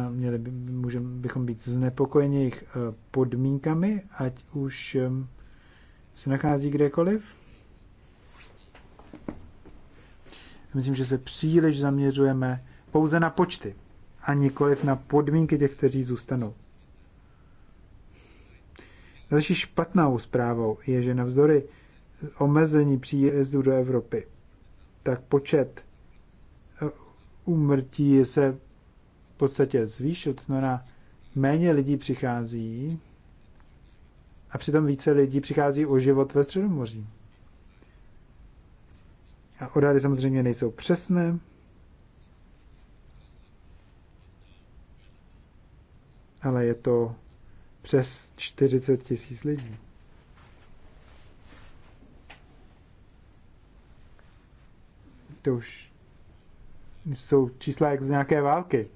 měli by, můžem, bychom být znepokojeni jejich e, podmínkami, ať už e, se nachází kdekoliv. Myslím, že se příliš zaměřujeme pouze na počty a nikoliv na podmínky těch, kteří zůstanou. Další špatnou zprávou je, že navzdory omezení příjezdu do Evropy, tak počet eh, úmrtí se v podstatě zvýšil, to znamená, méně lidí přichází a přitom více lidí přichází o život ve Středomoří. A odhady samozřejmě nejsou přesné, ale je to přes 40 tisíc lidí. To už jsou čísla jak z nějaké války.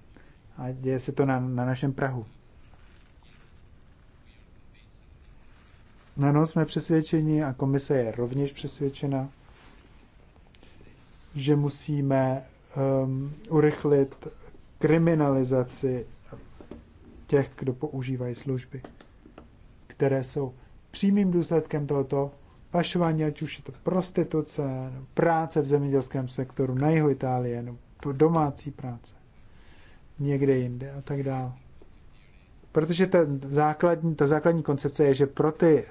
A děje se to na, na našem Prahu. Ano, jsme přesvědčeni a komise je rovněž přesvědčena, že musíme um, urychlit kriminalizaci těch, kdo používají služby, které jsou přímým důsledkem tohoto pašování, ať už je to prostituce, práce v zemědělském sektoru na jihu Itálie, nebo domácí práce, někde jinde a tak dále. Protože ta základní, ta základní koncepce je, že pro ty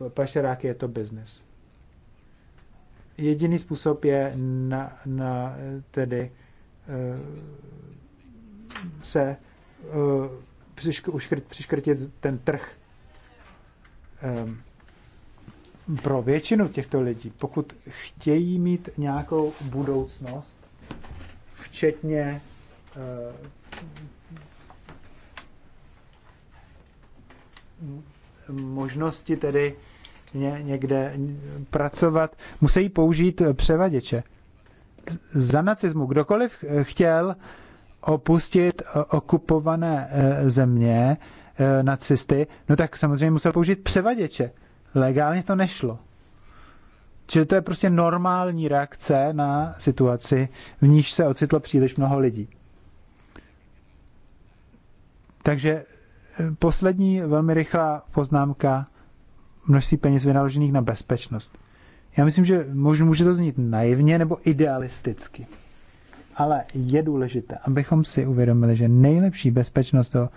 uh, pašeráky je to biznis. Jediný způsob je na, na tedy uh, se uh, přiškrt, přiškrtit ten trh ehm, pro většinu těchto lidí, pokud chtějí mít nějakou budoucnost, včetně eh, možnosti tedy někde pracovat, musí použít převaděče. Za nacismu kdokoliv chtěl opustit eh, okupované eh, země eh, nacisty, no tak samozřejmě musel použít převaděče. Legálně to nešlo. Čili to je prostě normální reakce na situaci, v níž se ocitlo příliš mnoho lidí. Takže poslední velmi rychlá poznámka množství peněz vynaložených na bezpečnost. Já myslím, že může to znít naivně nebo idealisticky ale je důležité, abychom si uvědomili, že nejlepší bezpečnost do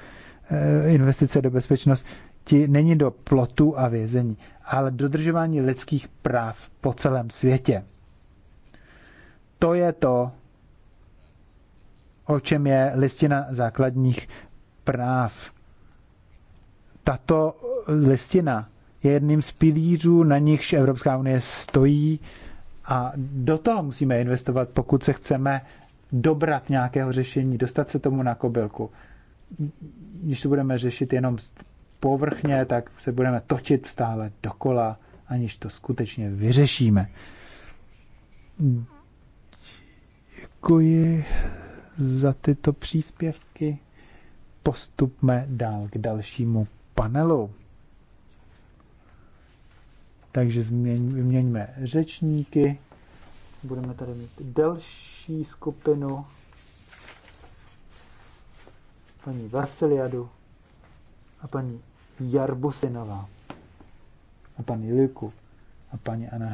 eh, investice do bezpečnosti není do plotu a vězení, ale dodržování lidských práv po celém světě. To je to, o čem je listina základních práv. Tato listina je jedním z pilířů, na nichž Evropská unie stojí a do toho musíme investovat, pokud se chceme dobrat nějakého řešení, dostat se tomu na kobylku. Když to budeme řešit jenom povrchně, tak se budeme točit stále dokola, aniž to skutečně vyřešíme. Děkuji za tyto příspěvky. Postupme dál k dalšímu panelu. Takže změň, vyměňme řečníky. Budeme tady mít další skupinu paní Varsiliadu a paní Jarbusinová a paní Liku a paní Anna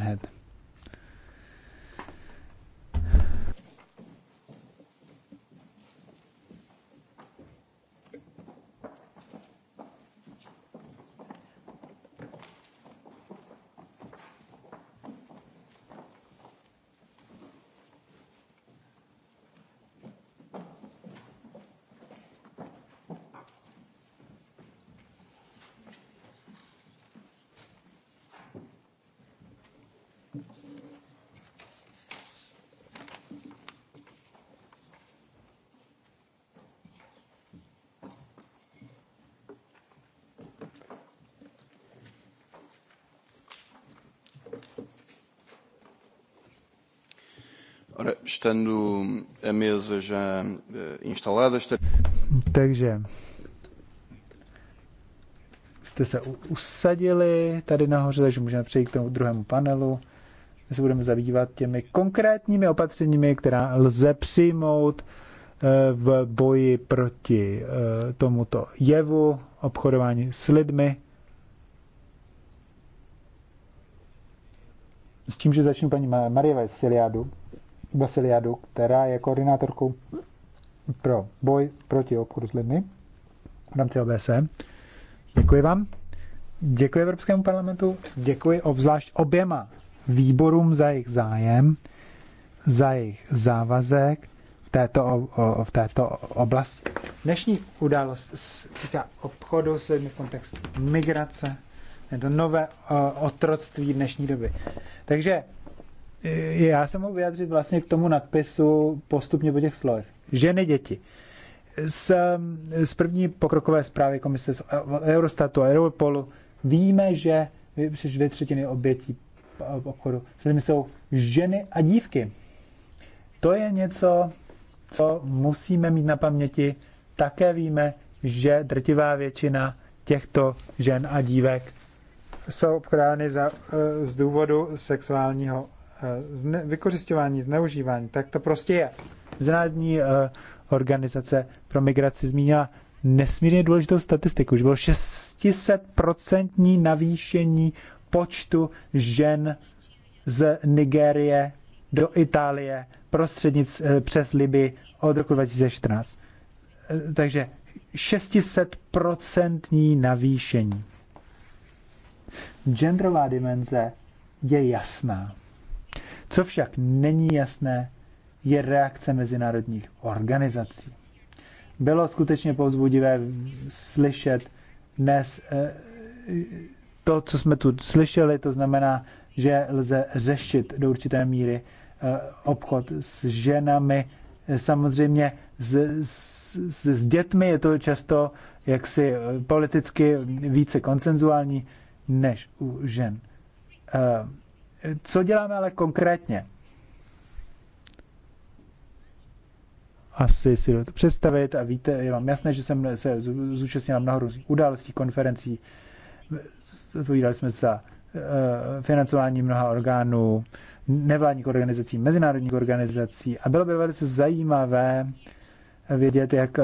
estando a mesa já eh, instalada. Está... Takže jste se usadili tady nahoře, takže můžeme přejít k tomu druhému panelu. My se budeme zabývat těmi konkrétními opatřeními, která lze přijmout eh, v boji proti eh, tomuto jevu, obchodování s lidmi. S tím, že začnu paní Marie Vesiliadu Basiliadu, která je koordinátorkou pro boj proti obchodu s lidmi v rámci OBSE. Děkuji vám. Děkuji Evropskému parlamentu. Děkuji obzvlášť oběma výborům za jejich zájem, za jejich závazek v této, o, v této oblasti. Dnešní událost týká obchodu lidmi v kontextu migrace, je to nové otroctví dnešní doby. Takže já se mohu vyjádřit vlastně k tomu nadpisu postupně po těch slovech. Ženy, děti. Z, mm, z první pokrokové zprávy komise z eh, Eurostatu a Europolu víme, že přes dvě třetiny obětí eh, obchodu s lidmi jsou ženy a dívky. To je něco, co musíme mít na paměti. Také víme, že drtivá většina těchto žen a dívek jsou obchodány za, eh, z důvodu sexuálního Eh, zne, vykořišťování, zneužívání, tak to prostě je. uh, organizace pro migraci zmínila nesmírně důležitou statistiku, že bylo 600% navýšení počtu žen z Nigérie do Itálie prostřednic eh, přes Liby od roku 2014. Takže 600% navýšení. Genderová dimenze je jasná. Co však není jasné, je reakce mezinárodních organizací. Bylo skutečně povzbudivé slyšet dnes eh, to, co jsme tu slyšeli, to znamená, že lze řešit do určité míry eh, obchod s ženami, samozřejmě s, s, s dětmi je to často jaksi eh, politicky více konsenzuální než u žen. Co děláme ale konkrétně? Asi si to představit a víte, je vám jasné, že jsem se zúčastnil mnoho různých událostí, konferencí, odpovídali jsme za eh, financování mnoha orgánů, nevládních organizací, mezinárodních organizací a bylo by velice zajímavé vědět, jak, eh,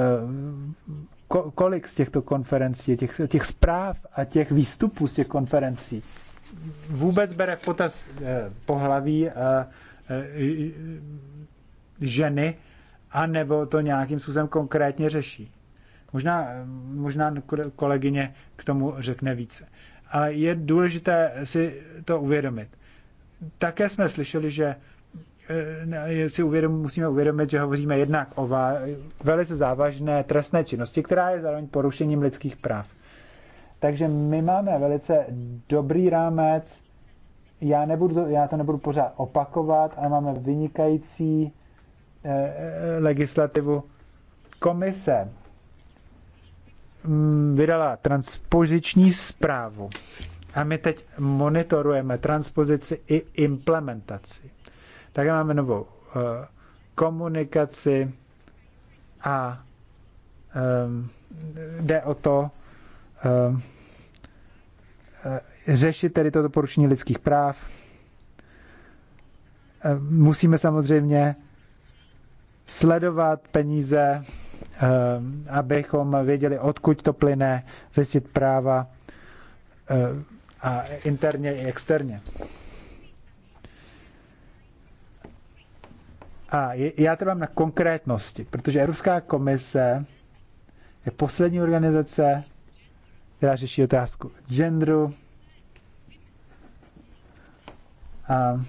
kolik z těchto konferencí, těch, těch zpráv a těch výstupů z těch konferencí vůbec bere v potaz eh, pohlaví eh, eh, ženy, anebo to nějakým způsobem konkrétně řeší. Možná, možná kolegyně k tomu řekne více. Ale je důležité si to uvědomit. Také jsme slyšeli, že si uvědom, musíme uvědomit, že hovoříme jednak o velice závažné trestné činnosti, která je zároveň porušením lidských práv. Takže my máme velice dobrý rámec, já, nebudu to, já to nebudu pořád opakovat, ale máme vynikající eh, eh legislativu. Komise mm, vydala transpoziční zprávu a my teď monitorujeme transpozici i implementaci. Také máme novou eh, komunikaci a eh, jde o to, Eh, eh, řešit tedy toto porušení lidských práv. Eh, musíme samozřejmě sledovat peníze, abychom věděli, odkud to plyne, zjistit práva a interně i externě. A já trvám na konkrétnosti, protože Evropská komise je poslední organizace, která řeší otázku genderu. A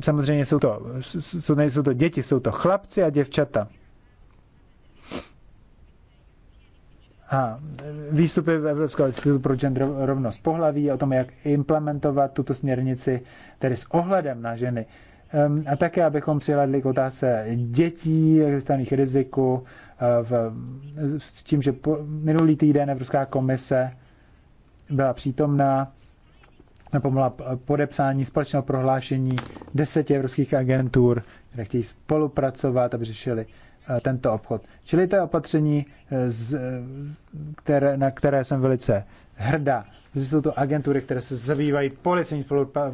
samozřejmě jsou to, jsou, nejsou to děti, jsou to chlapci a děvčata. A výstupy v Evropského institutu pro gender rovnost pohlaví, o tom, jak implementovat tuto směrnici, tedy s ohledem na ženy. Ehm, a také, abychom přihledli k otázce dětí, vystavených riziku, v, s tím, že po, minulý týden Evropská komise byla přítomná, napomohla podepsání společného prohlášení deseti evropských agentur, které chtějí spolupracovat, aby řešili eh, tento obchod. Čili to je opatření, eh, které, na které jsem velice hrdá. Protože jsou to agentury, které se zabývají policejní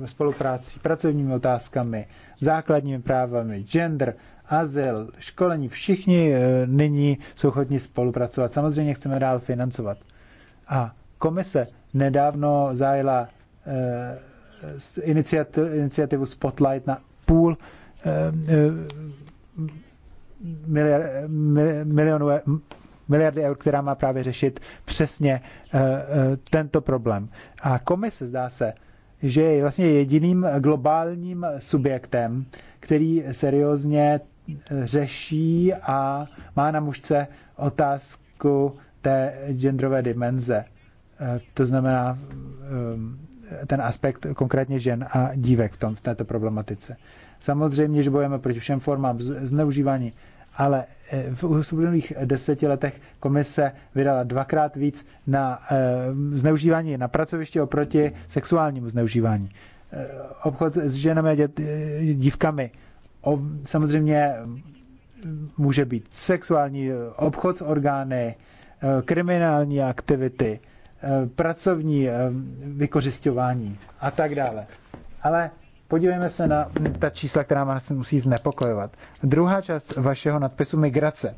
spoluprácí, pracovními otázkami, základními právami, gender, azyl, školení, všichni eh, nyní jsou chodní spolupracovat. Samozřejmě chceme dál financovat. A komise nedávno zajela eh, iniciativu Spotlight na půl eh, milionů, e-, miliardy eur, která má právě řešit přesně tento problém. A komise zdá se, že je vlastně jediným globálním subjektem, který seriózně řeší a má na mužce otázku té genderové dimenze. Eh, to znamená ehm, ten aspekt konkrétně žen a dívek v, tom, v této problematice. Samozřejmě, že bojujeme proti všem formám zneužívání, ale eh, v uplynulých deseti letech komise vydala dvakrát víc na ehm, zneužívání na pracovišti oproti sexuálnímu zneužívání. Eh, obchod s ženami a dívkami samozřejmě může být sexuální obchod s orgány, eh, kriminální aktivity, eh, pracovní eh, vykořišťování a tak dále. Ale podívejme se na ta čísla, která se musí znepokojovat. Druhá část vašeho nadpisu migrace.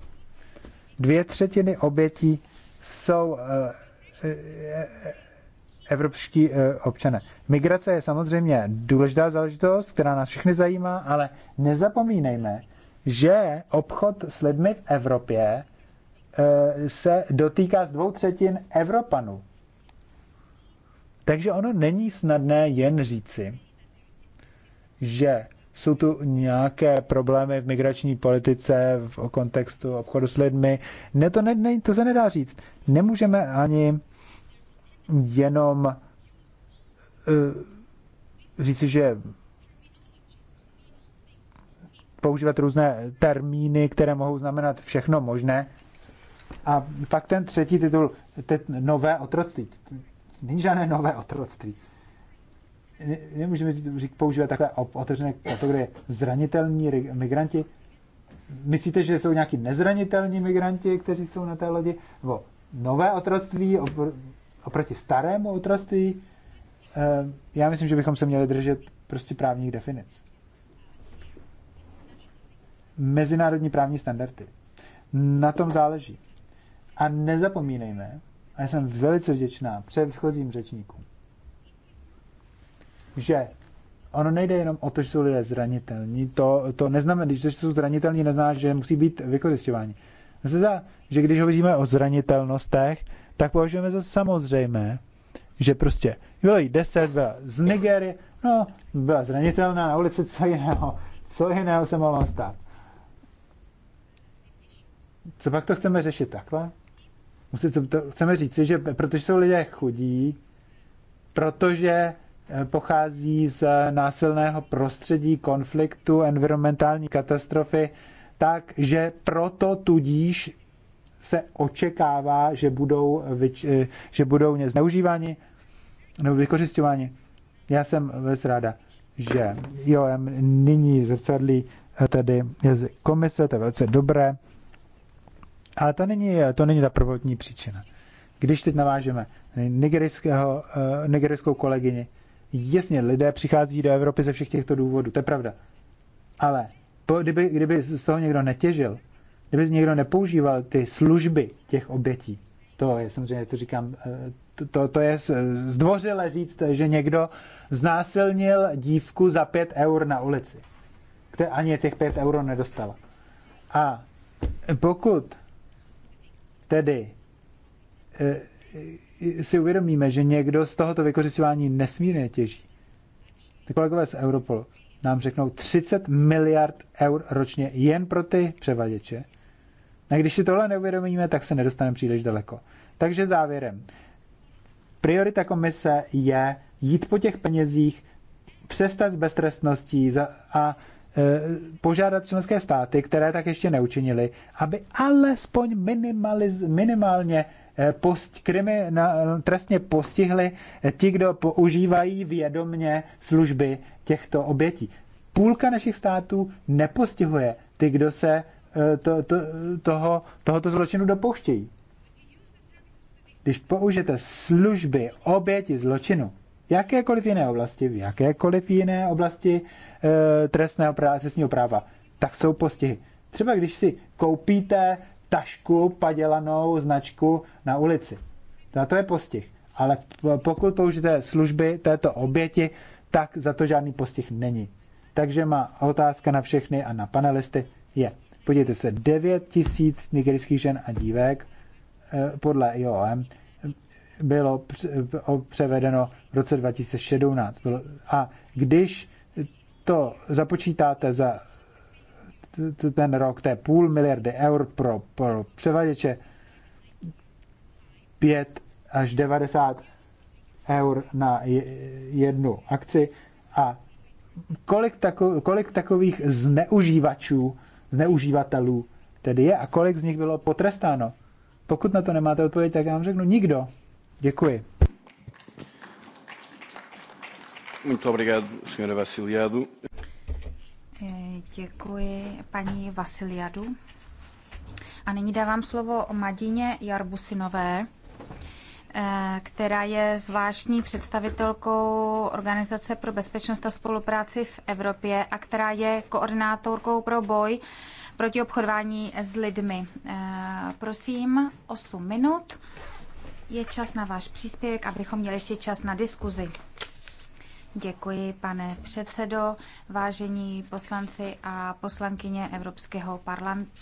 Dvě třetiny obětí jsou evropští eh, občané. Migrace je samozřejmě důležitá záležitost, která nás všechny zajímá, ale nezapomínejme, že obchod s lidmi v Evropě eh, se dotýká z dvou třetin Evropanů. Takže ono není snadné jen říci, že jsou tu nějaké problémy v migrační politice, v kontextu obchodu s lidmi. Ne, to, ne, ne, to se nedá říct. Nemůžeme ani jenom eh, říci, že používat různé termíny, které mohou znamenat všechno možné. A pak ten třetí titul, te, nové otroctví. Není žádné nové otroctví. Nemůžeme používat takové otevřené kategorie zranitelní migranti. Myslíte, že jsou nějaký nezranitelní migranti, kteří jsou na té lodi? Nebo nové otroctví, oproti starému otroství, eh, já myslím, že bychom se měli držet prostě právních definic. Mezinárodní právní standardy. Na tom záleží. A nezapomínejme, a já jsem velice vděčná předchozím řečníkům, že ono nejde jenom o to, že jsou lidé zranitelní. To, to neznamená, když to, že jsou zranitelní, neznamená, že musí být vykořišťováni. Myslím, že když hovoříme o zranitelnostech, tak považujeme za samozřejmé, že prostě bylo jí 10, byla z Nigery, no, byla zranitelná na ulici, co jiného, co jiného se mohlo stát. Co pak to chceme řešit takhle? Musí to, to chceme říct, že protože jsou lidé chudí, protože eh, pochází z eh, násilného prostředí, konfliktu, environmentální katastrofy, takže proto tudíž se očekává, že budou, eh, že budou zneužíváni nebo vykořišťováni. Já jsem velice ráda, že IOM nyní zrcadlí eh, tedy komise, to je velice dobré, ale to není, eh, to není ta prvotní příčina. Když teď navážeme nigerijského, nigerijskou kolegyni, jasně, lidé přichází do Evropy ze všech těchto důvodů, to je pravda. Ale po, kdyby, kdyby z toho někdo netěžil, kdyby někdo nepoužíval ty služby těch obětí, to je samozřejmě, to říkám, eh, to, to, to je zdvořile říct, že někdo znásilnil dívku za pět eur na ulici, které ani těch pět euro nedostala. A pokud tedy eh, si uvědomíme, že někdo z tohoto vykořišťování nesmírně těží, tak kolegové z Europol nám řeknou 30 miliard eur ročně jen pro ty převaděče, a když si tohle neuvědomíme, tak se nedostaneme příliš daleko. Takže závěrem. Priorita komise je jít po těch penězích, přestat s beztrestností a e, požádat členské státy, které tak ještě neučinili, aby alespoň minimaliz, minimálně e, post, na, trestně postihli e, ti, kdo používají vědomně služby těchto obětí. Půlka našich států nepostihuje ty, kdo se Eh, to, to, toho, tohoto zločinu dopouštějí. Když použijete služby oběti zločinu, jakékoliv jiné oblasti, v jakékoliv jiné oblasti e, trestného práva, trestního práva, tak jsou postihy. Třeba když si koupíte tašku padělanou značku na ulici. Na to je postih. Ale pokud použijete služby této oběti, tak za to žádný postih není. Takže má otázka na všechny a na panelisty je, Podívejte se, 9 tisíc nigerijských žen a dívek eh, podle IOM bylo převedeno v roce 2017. A když to započítáte za ten rok, to je půl miliardy eur pro, pro převaděče, 5 až 90 eur na jednu akci. A kolik, tako, kolik takových zneužívačů zneužívatelů tedy je a kolik z nich bylo potrestáno. Pokud na to nemáte odpověď, tak já vám řeknu nikdo. Děkuji. Muito obrigado, senhora Vasiliado. Děkuji paní Vasiliadu. A nyní dávám slovo Madině Jarbusinové, Eh, která je zvláštní představitelkou Organizace pro bezpečnost a spolupráci v Evropě a která je koordinátorkou pro boj proti obchodování s lidmi. Eh, prosím, 8 minut. Je čas na váš příspěvek, abychom měli ještě čas na diskuzi. Děkuji, pane předsedo, vážení poslanci a poslankyně Evropského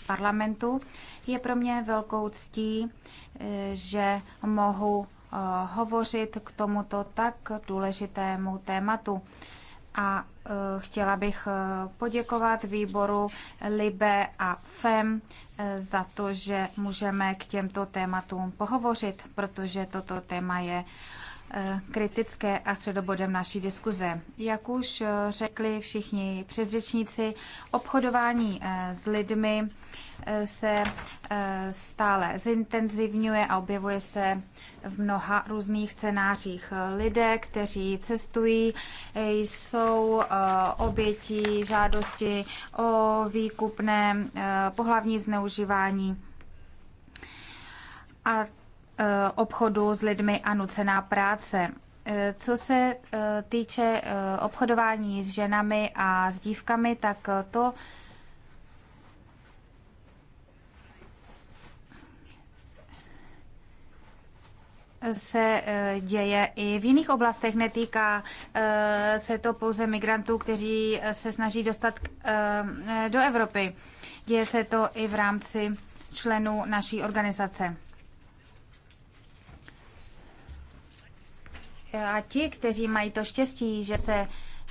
parlamentu. Je pro mě velkou ctí, eh, že mohu eh, hovořit k tomuto tak důležitému tématu. A eh, chtěla bych poděkovat výboru Libe a FEM za to, že můžeme k těmto tématům pohovořit, protože toto téma je Eh, kritické a středobodem naší diskuze. Jak už eh, řekli všichni předřečníci, obchodování eh, s lidmi se stále zintenzivňuje a objevuje se v mnoha různých scénářích. Lidé, kteří cestují, jsou obětí žádosti o výkupné pohlavní zneužívání. A Eh, obchodu s lidmi a nucená práce. Eh, co se eh, týče obchodování s ženami a s dívkami, tak to se děje i v jiných oblastech. Netýká se to pouze migrantů, kteří se snaží dostat do Evropy. Děje se to i v rámci členů naší organizace. A ti, kteří mají to štěstí, že se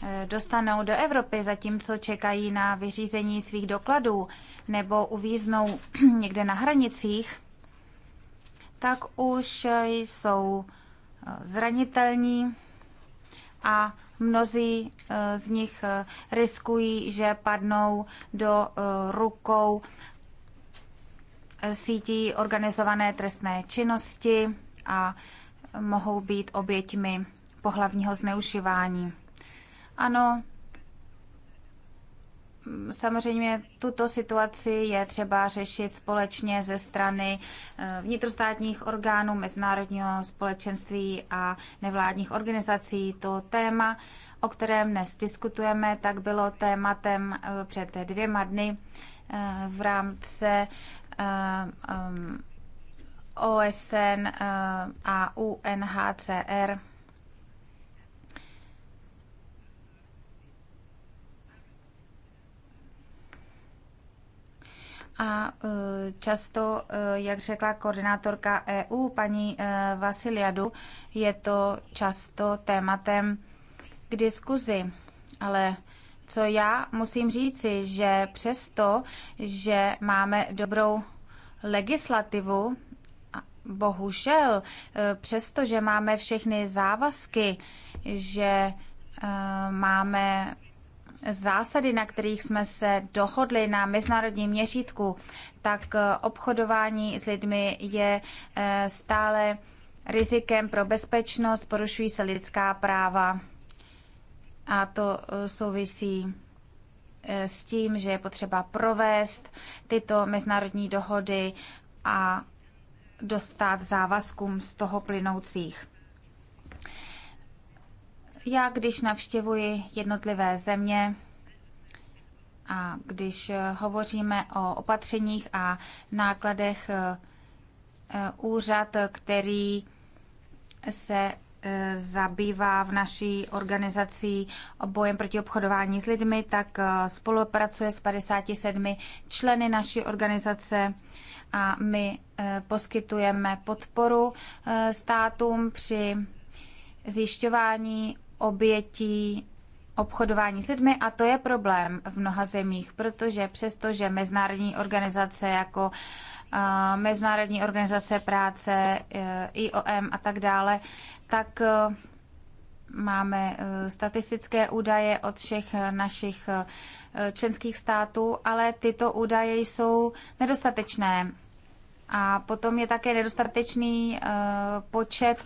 eh, dostanou do Evropy, zatímco čekají na vyřízení svých dokladů nebo uvíznou někde na hranicích, tak už eh, jsou eh, zranitelní a mnozí z nich riskují, že padnou do rukou sítí organizované trestné činnosti a mohou být oběťmi pohlavního zneužívání. Ano, samozřejmě tuto situaci je třeba řešit společně ze strany eh, vnitrostátních orgánů, mezinárodního společenství a nevládních organizací. To téma, o kterém dnes diskutujeme, tak bylo tématem eh, před dvěma dny eh, v rámci OSN eh, a UNHCR. A eh, často, eh, jak řekla koordinátorka EU, paní Vasiliadu, je to často tématem k diskuzi. Ale co já musím říci, že přesto, že máme dobrou legislativu, bohužel, eh, přestože máme všechny závazky, že eh, máme zásady, na kterých jsme se dohodli na mezinárodním měřítku, tak eh, obchodování s lidmi je stále rizikem pro bezpečnost, porušují se lidská práva a to souvisí s tím, že je potřeba provést tyto mezinárodní dohody a dostat závazkům z toho plynoucích. Já, když navštěvuji jednotlivé země a když eh, hovoříme o opatřeních a nákladech eh, eh, úřad, který se zabývá v naší organizací bojem proti obchodování s lidmi, tak eh, spolupracuje s 57 členy naší organizace a my eh, poskytujeme podporu eh, státům při zjišťování obětí obchodování s lidmi a to je problém v mnoha zemích, protože přestože mezinárodní organizace jako Mezinárodní organizace práce, eh, IOM a tak dále, tak eh, máme eh, statistické údaje od všech našich členských států, ale tyto údaje jsou nedostatečné. A potom je také nedostatečný počet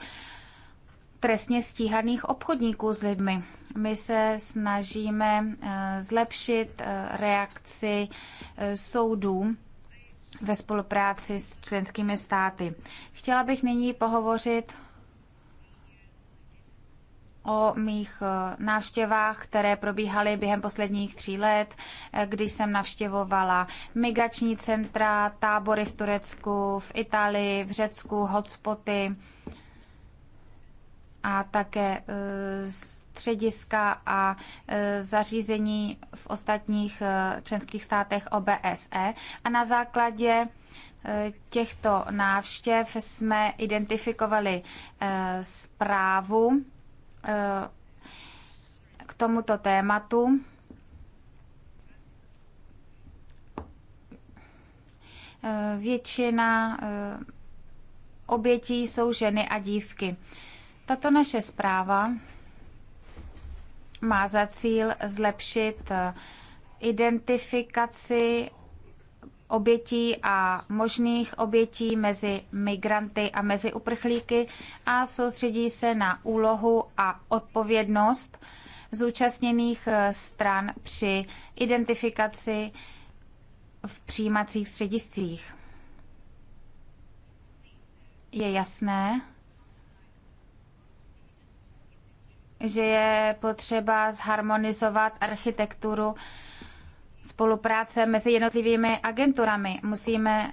trestně stíhaných obchodníků s lidmi. My se snažíme zlepšit reakci soudů ve spolupráci s členskými státy. Chtěla bych nyní pohovořit o mých eh, návštěvách, které probíhaly během posledních tří let, eh, když jsem navštěvovala migrační centra, tábory v Turecku, v Itálii, v Řecku, hotspoty a také eh, z střediska a e, zařízení v ostatních e, členských státech OBSE. A na základě e, těchto návštěv jsme identifikovali zprávu k tomuto tématu. Většina obětí jsou ženy a dívky. Tato naše zpráva má za cíl zlepšit eh, identifikaci obětí a možných obětí mezi migranty a mezi uprchlíky a soustředí se na úlohu a odpovědnost zúčastněných eh, stran při identifikaci v přijímacích střediscích. Je jasné, že je potřeba zharmonizovat architekturu spolupráce mezi jednotlivými agenturami. Musíme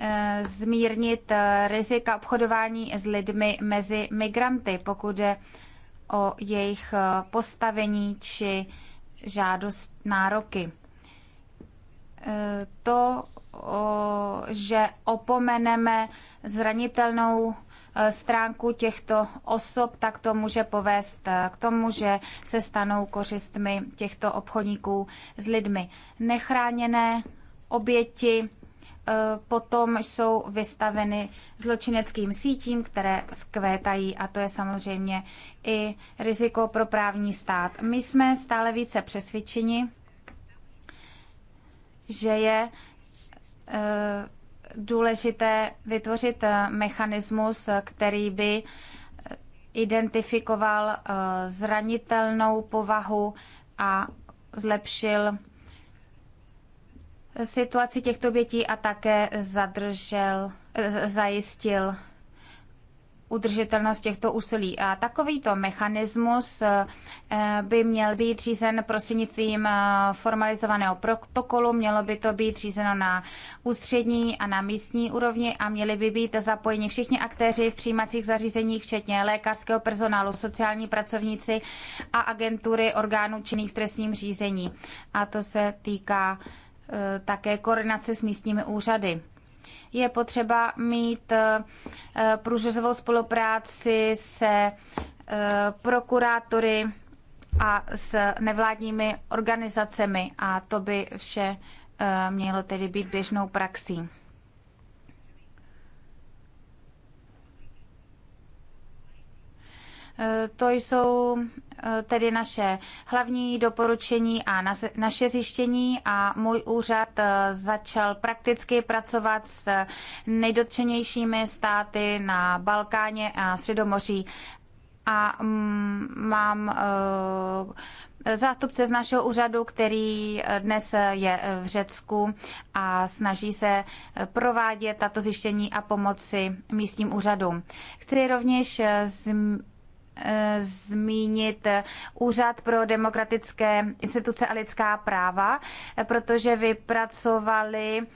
eh, zmírnit eh, rizika obchodování s lidmi mezi migranty, pokud je o jejich eh, postavení či žádost nároky. To, že opomeneme zranitelnou Eh, stránku těchto osob, tak to může povést eh, k tomu, že se stanou kořistmi těchto obchodníků s lidmi. Nechráněné oběti eh, potom jsou vystaveny zločineckým sítím, které skvétají a to je samozřejmě i riziko pro právní stát. My jsme stále více přesvědčeni, že je důležité vytvořit eh, mechanismus, který by eh, identifikoval eh, zranitelnou povahu a zlepšil situaci těchto obětí a také zadržel, zajistil udržitelnost těchto úsilí. A takovýto mechanismus eh, by měl být řízen prostřednictvím eh, formalizovaného protokolu, mělo by to být řízeno na ústřední a na místní úrovni a měli by být zapojeni všichni aktéři v přijímacích zařízeních, včetně lékařského personálu, sociální pracovníci a agentury orgánů činných v trestním řízení. A to se týká eh, také koordinace s místními úřady. Je potřeba mít eh, eh, průřezovou spolupráci se eh, prokurátory a s nevládními organizacemi a to by vše mělo tedy být běžnou praxí. Eh, to jsou eh, tedy naše hlavní doporučení a naše zjištění a můj úřad eh, začal prakticky pracovat s nejdotčenějšími státy na Balkáně a Středomoří a mm, mám zástupce z našeho úřadu, který dnes je v Řecku a snaží se provádět tato zjištění a pomoci místním úřadům. Chci rovněž Eh, zmínit Úřad pro demokratické instituce a lidská práva, eh, protože vypracovali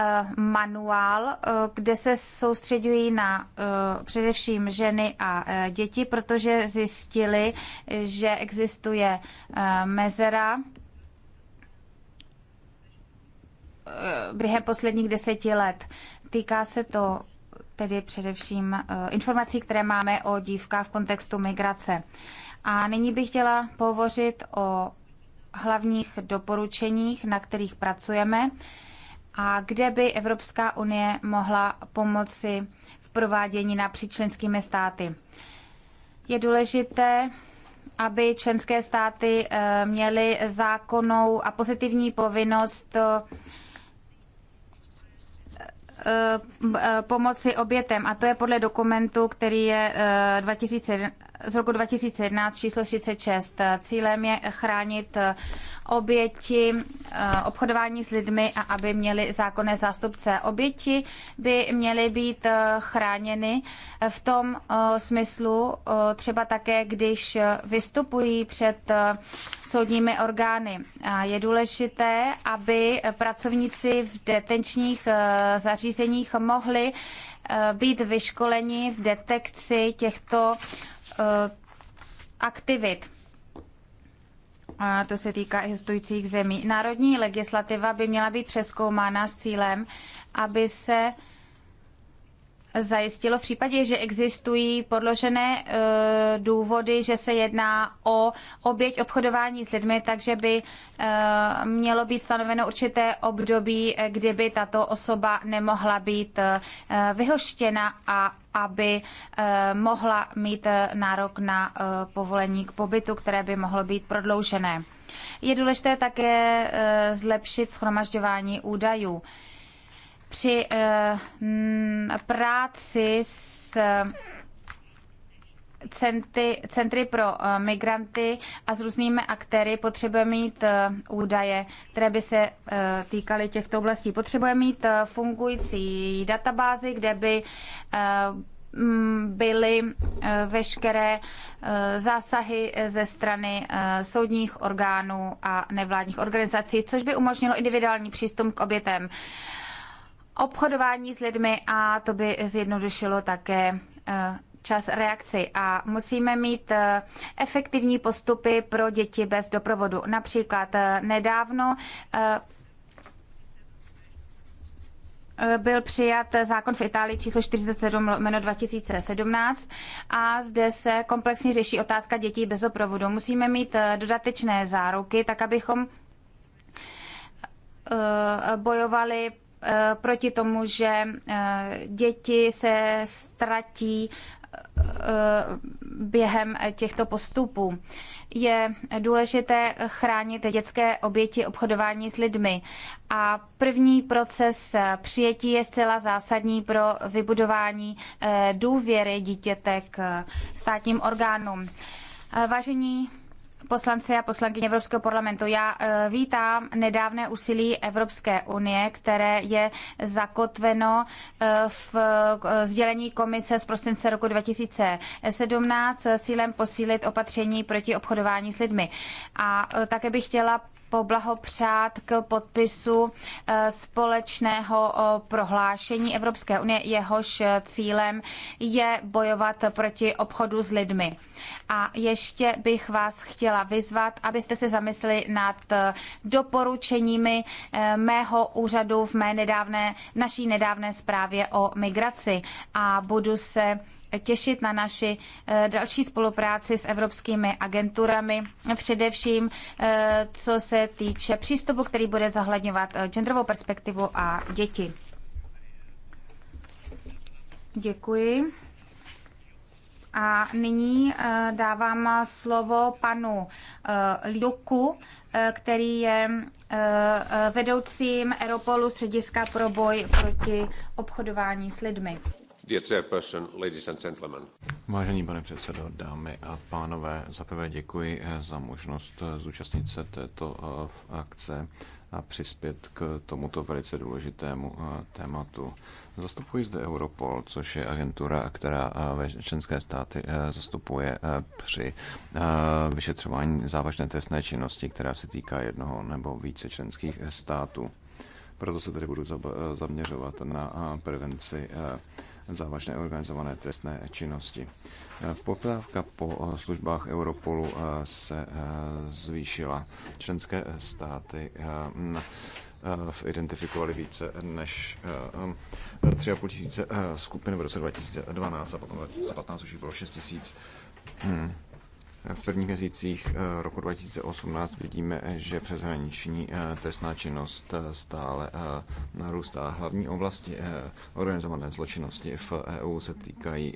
eh, manuál, kde se soustředují na především ženy a děti, protože zjistili, že existuje mezera během posledních deseti let. Týká se to tedy především eh, informací, které máme o dívkách v kontextu migrace. A nyní bych chtěla pohovořit o hlavních doporučeních, na kterých pracujeme a kde by Evropská unie mohla pomoci v provádění napříč členskými státy. Je důležité, aby členské státy eh, měly zákonnou a pozitivní povinnost eh, Eh, eh, pomoci obětem a to je podle dokumentu, který je 2011 eh, z roku 2011 číslo 36. Cílem je chránit eh, oběti eh, obchodování s lidmi a aby měli zákonné zástupce. Oběti by měly být eh, chráněny v tom smyslu třeba také, když vystupují před soudními orgány. Je důležité, aby pracovníci v detenčních zařízeních mohli být vyškoleni v detekci těchto Eh, aktivit. A to se týká i hostujících zemí. Národní legislativa by měla být přeskoumána s cílem, aby se zajistilo v případě, že existují podložené e, důvody, že se jedná o oběť obchodování s lidmi, takže by e, mělo být stanoveno určité období, kdyby tato osoba nemohla být e, vyhoštěna a aby eh, mohla mít eh, nárok na eh, povolení k pobytu, které by mohlo být prodloužené. Je důležité také zlepšit schromažďování údajů. Při práci s centy, centry pro eh, migranty a s různými aktéry potřebujeme mít eh, údaje, které by se eh, týkaly těchto oblastí. Potřebujeme mít fungující databázy, kde by mm, byly veškeré zásahy ze strany soudních orgánů a nevládních organizací, což by umožnilo individuální přístup k obětem obchodování s lidmi a to by zjednodušilo také čas reakci a musíme mít eh, efektivní postupy pro děti bez doprovodu. Například eh, nedávno eh, byl přijat zákon v Itálii číslo 47 jméno 2017 a zde se komplexně řeší otázka dětí bez doprovodu. Musíme mít dodatečné záruky, tak abychom bojovali Eh, proti tomu, že eh, děti se ztratí eh, během těchto postupů. Je důležité chránit dětské oběti obchodování s lidmi a první proces přijetí je zcela zásadní pro vybudování důvěry dítěte k státním orgánům. Vážení poslanci a poslankyně Evropského parlamentu. Já eh, vítám nedávné úsilí Evropské unie, které je zakotveno eh, v eh, sdělení komise z prosince roku 2017 s cílem posílit opatření proti obchodování s lidmi. A také bych chtěla poblahopřát k podpisu eh, společného prohlášení Evropské unie, jehož eh, cílem je bojovat proti obchodu s lidmi. A ještě bych vás chtěla vyzvat, abyste se zamysleli nad eh, doporučeními mého úřadu v mé nedávné, naší nedávné zprávě o migraci a budu se těšit na naši eh, další spolupráci s evropskými agenturami, především eh, co se týče přístupu, který bude zohledňovat eh, genderovou perspektivu a děti. Děkuji. A nyní dávám slovo panu Liuku, který je vedoucím Europolu střediska pro boj proti obchodování s lidmi. Vážený pane předsedo, dámy a pánové, zaprvé děkuji eh, za možnost eh, zúčastnit se této eh, akce a přispět k tomuto velice důležitému tématu. Zastupuji zde Europol, což je agentura, která ve členské státy zastupuje při vyšetřování závažné trestné činnosti, která se týká jednoho nebo více členských států. Proto se tedy budu zaměřovat na prevenci závažné organizované trestné činnosti. Poptávka po službách Europolu eh, se eh, zvýšila. Členské státy eh, identifikovali více než 3,5 tisíce skupin v roce 2012 a potom 2015 už jich bylo 6 tisíc. Hmm. V prvních měsících eh, roku 2018 vidíme, že přeshraniční eh, trestná činnost eh, stále narůstá. Hlavní oblasti organizované zločinnosti v EU se týkají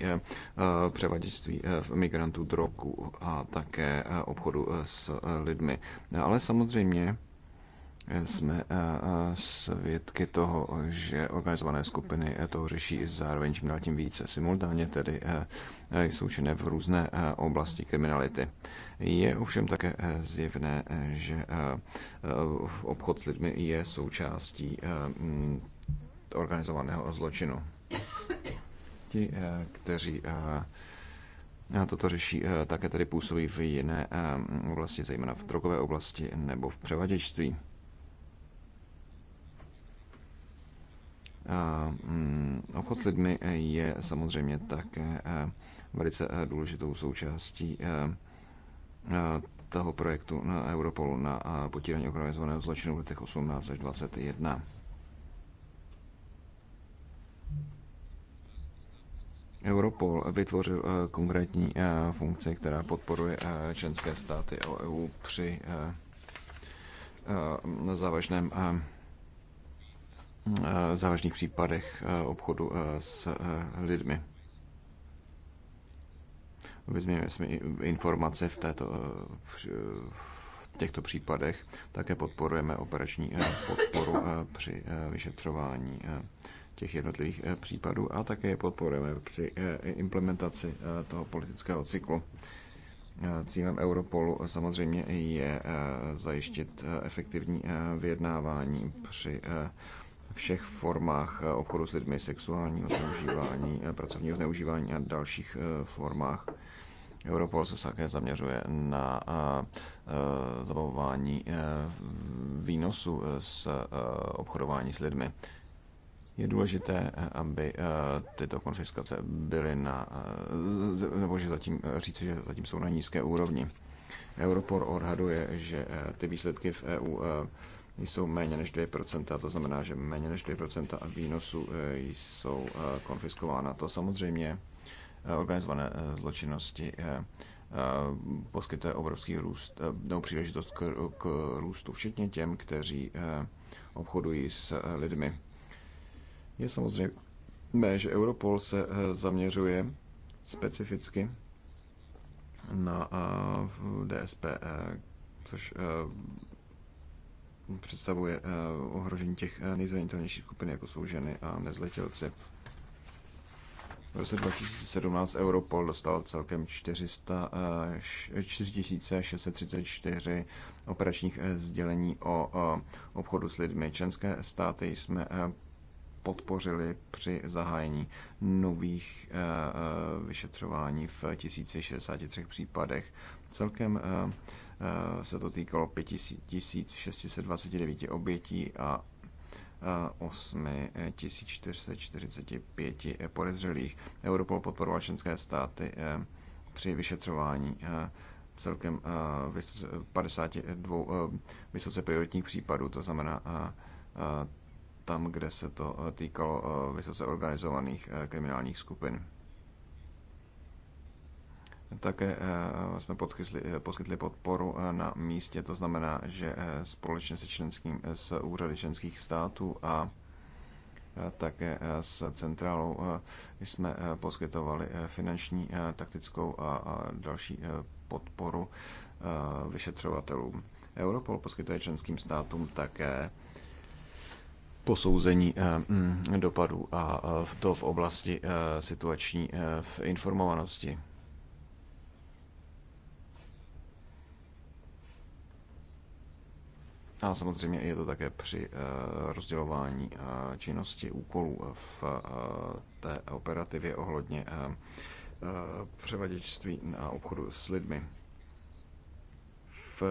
převaděčství migrantů, drogů a také obchodu s lidmi. Ale samozřejmě jsme eh, eh, svědky toho, že organizované skupiny eh, to řeší zároveň čím dál tím více. Simultánně tedy jsou činné v různé oblasti kriminality. Je ovšem také zjevné, že obchod s lidmi je součástí mm, organizovaného zločinu. Ti, kteří toto řeší, také tedy působí v jiné oblasti, zejména v drogové oblasti nebo v převaděčství. Mm, obchod s lidmi je samozřejmě také eh, velice eh, důležitou součástí eh, toho projektu na Europolu na potírání organizovaného zločinu v letech 18 až 21. Europol vytvořil konkrétní funkci, která podporuje členské státy EU při závažném Eh, závažných případech eh, obchodu eh, s lidmi. Vezměme si informace v, této, v těchto případech. Také podporujeme operační podporu při vyšetřování těch jednotlivých případů a také podporujeme při implementaci toho politického cyklu. Cílem Europolu samozřejmě je zajištit efektivní vyjednávání při všech formách eh, obchodu s lidmi, sexuálního zneužívání, eh, pracovního zneužívání a dalších eh, formách. Europol se také zaměřuje na zabavování výnosu z obchodování s lidmi. Je důležité, aby tyto konfiskace byly na, nebo že zatím říci, že zatím jsou na nízké úrovni. Europol odhaduje, že ty výsledky v EU jsou méně než 2%, to znamená, že méně než 2% výnosů eh, jsou eh, konfiskována. To samozřejmě eh, organizované zločinnosti poskytuje obrovský růst, nebo příležitost k, k růstu, včetně těm, kteří obchodují s lidmi. Je samozřejmě, že Europol se zaměřuje specificky na DSP, což představuje eh, ohrožení těch eh, nejzranitelnějších skupin, jako jsou ženy a nezletilci. V roce 2017 Europol dostal celkem 400, 4634 eh, operačních sdělení o obchodu s lidmi. Členské státy jsme podpořili při zahájení nových vyšetřování v 1063 případech. Celkem Eh, se to týkalo 5629 obětí a 8445 eh, podezřelých. Europol podporoval členské státy eh, při vyšetřování celkem 52 vysoce prioritních případů, to znamená tam, kde se to týkalo vysoce organizovaných kriminálních skupin. Také eh, jsme podchytli, eh, poskytli podporu eh, na místě, to znamená, že společně se členským, s úřady členských států a také s centrálou jsme poskytovali finanční, taktickou a další podporu vyšetřovatelům. Europol poskytuje členským státům také posouzení mm, dopadů a to v oblasti situační v informovanosti. A samozřejmě je to také při eh, rozdělování eh, činnosti úkolů eh, v té operativě ohledně převaděčství a obchodu s lidmi. V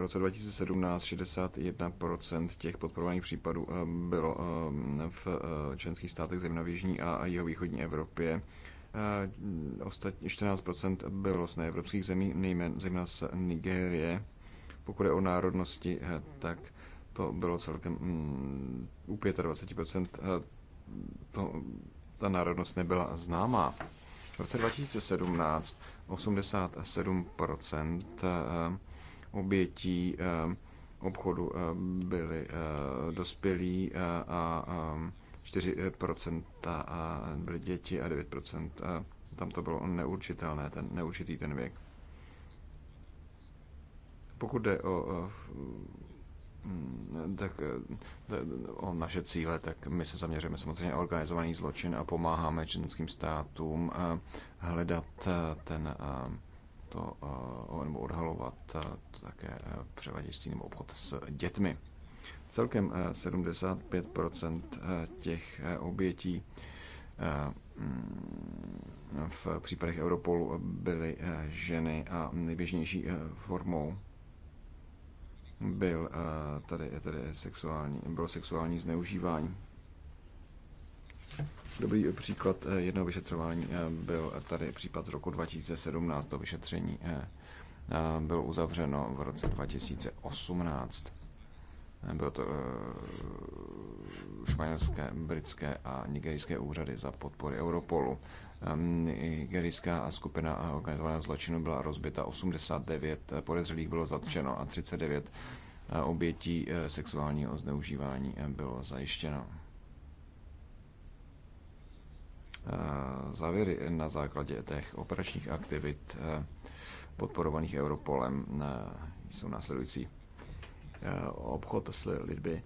roce 2017 61% těch podporovaných případů bylo v členských státech zejména v Jižní a jihovýchodní Evropě. 14% bylo z neevropských zemí, nejméně zejména z Nigérie pokud je o národnosti, eh, tak to bylo celkem mm, u 25%. Eh, to, ta národnost nebyla známá. V roce 2017 87% eh, obětí obchodu byli dospělí a 4% byly děti a 9% tam to bylo neurčitelné, ten neurčitý ten věk. Pokud jde o, eh, mm, tak, eh, o naše cíle, tak my se zaměřujeme samozřejmě na organizovaný zločin a pomáháme členským státům eh, hledat ten to, nebo odhalovat také převaděství nebo obchod s dětmi. Celkem 75% těch obětí mm, v případech Europolu byly ženy a nejběžnější formou byl eh, tady, tady sexuální, bylo sexuální zneužívání. Dobrý příklad eh, jednoho vyšetřování eh, byl tady případ z roku 2017. To vyšetření bylo uzavřeno v roce 2018. Bylo to španělské, britské a nigerijské úřady za podpory Europolu nigerijská skupina organizovaného zločinu byla rozbita, 89 podezřelých bylo zatčeno a 39 eh, obětí eh, sexuálního zneužívání eh, bylo zajištěno. Závěry na základě těch operačních aktivit podporovaných Europolem jsou následující. Obchod s lidmi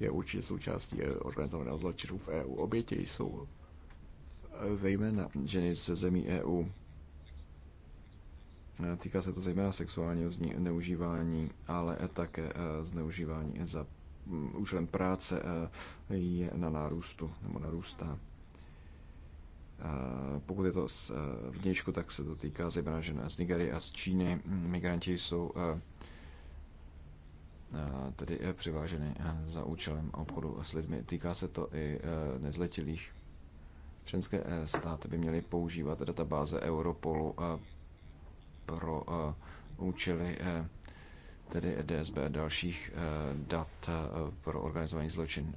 je určitě součástí organizovaného zločinu v EU. Oběti jsou zejména ženy ze zemí EU. Týká se to zejména sexuálního zneužívání, ale také eh, zneužívání za mm, účelem práce eh, je na nárůstu nebo narůstá. Eh, pokud je to z vnějšku, tak se to týká zejména žen z Nigerie a z Číny. Migranti jsou tedy převáženy za účelem obchodu s lidmi. Týká se to i nezletilých. Členské eh, státy by měly používat databáze Europolu eh, pro eh, účely tedy DSB a dalších dat pro organizovaný zločin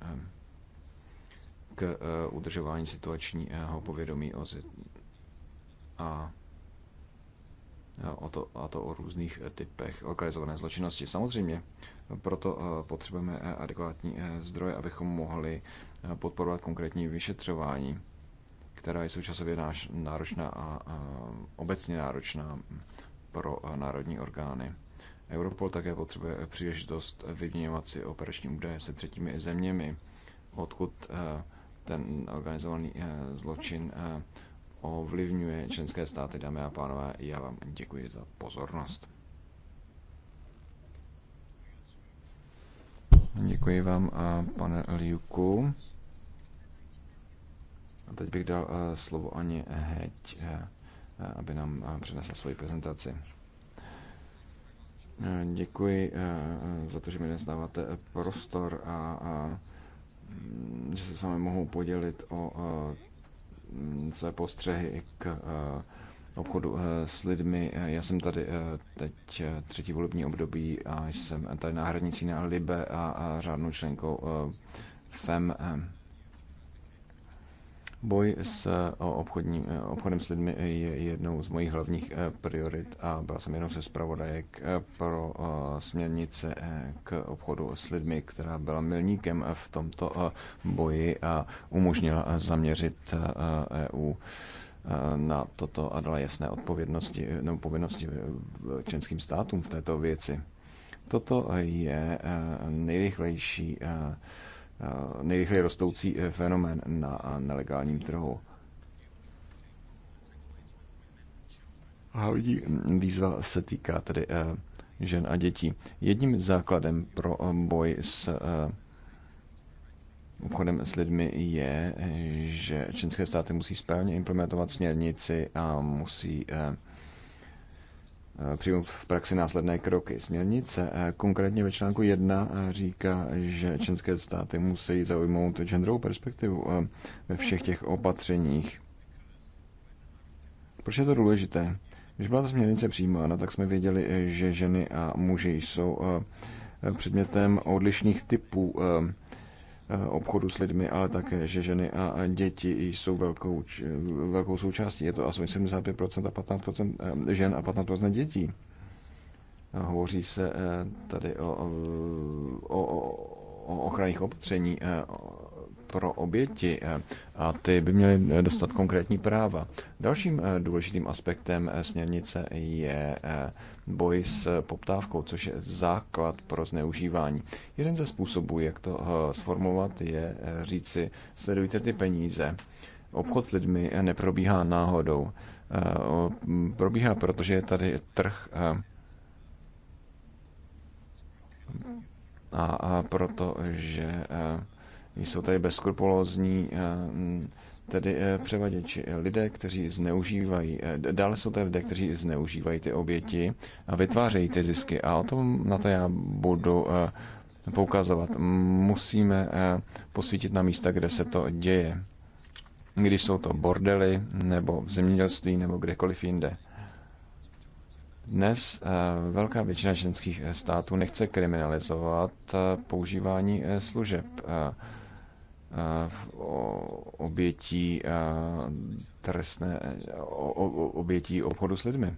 k udržování situačního povědomí o a o to, a to o různých typech organizované zločinnosti. Samozřejmě proto potřebujeme adekvátní zdroje, abychom mohli podporovat konkrétní vyšetřování která je současově náš, náročná a, a obecně náročná pro eh, národní orgány. Europol také potřebuje příležitost vyměňovat si operační údaje se třetími zeměmi, odkud eh, ten organizovaný eh, zločin ovlivňuje členské státy. Dámy a pánové, já vám děkuji za pozornost. Děkuji vám, pane Liuku. A teď bych dal eh, slovo Ani Heď, eh, eh, aby nám přinesla svoji prezentaci. Děkuji za to, že mi dnes dáváte prostor a, a mm, že se s vámi mohu podělit o a, své postřehy k a, obchodu s lidmi. Já jsem tady teď třetí volební období a jsem tady náhradnicí na Libe a řádnou členkou FEM. Boj s eh, obchodním eh, obchodem s lidmi je jednou z mojich hlavních eh, priorit a byl jsem jenom se zpravodajek pro směrnice k obchodu s lidmi, která byla milníkem v tomto boji a umožnila zaměřit EU e na toto a dala jasné odpovědnosti nebo povinnosti členským státům v této věci. Toto je nejrychlejší nejrychleji rostoucí fenomén na nelegálním trhu. Hlavní výzva se týká tedy eh, žen a dětí. Jedním základem pro eh, boj s eh, obchodem s lidmi je, že členské státy musí správně implementovat směrnici a musí Eh, přijmout v praxi následné kroky. Směrnice eh, konkrétně ve článku 1 eh, říká, že členské státy musí zaujmout genderovou perspektivu ve všech těch opatřeních. Proč je to důležité? Když byla ta směrnice přijímána, tak jsme věděli, že ženy a muži jsou předmětem odlišných typů Eh, obchodu s lidmi, ale také, že ženy a děti jsou velkou, velkou součástí. Je to asi 75% a 15% eh, žen a 15% dětí. A hovoří se eh, tady o, o, o ochranných opatření pro oběti a ty by měly dostat konkrétní práva. Dalším důležitým aspektem směrnice je boj s eh, poptávkou, což je základ pro zneužívání. Jeden ze způsobů, jak to eh, sformovat, je eh, říci, sledujte ty peníze. Obchod s lidmi neprobíhá náhodou. Mm, probíhá, protože je tady trh a, protože jsou tady bezkrupulózní tedy eh, převaděči, eh, lidé, kteří zneužívají, eh, dále jsou tady lidé, kteří zneužívají ty oběti a vytvářejí ty zisky. A o tom na to já budu poukazovat. Musíme posvítit na místa, kde se to děje. Když jsou to bordely, nebo v zemědělství, nebo kdekoliv jinde. Dnes velká většina ženských států nechce kriminalizovat používání služeb obětí trestné, obětí obchodu s lidmi.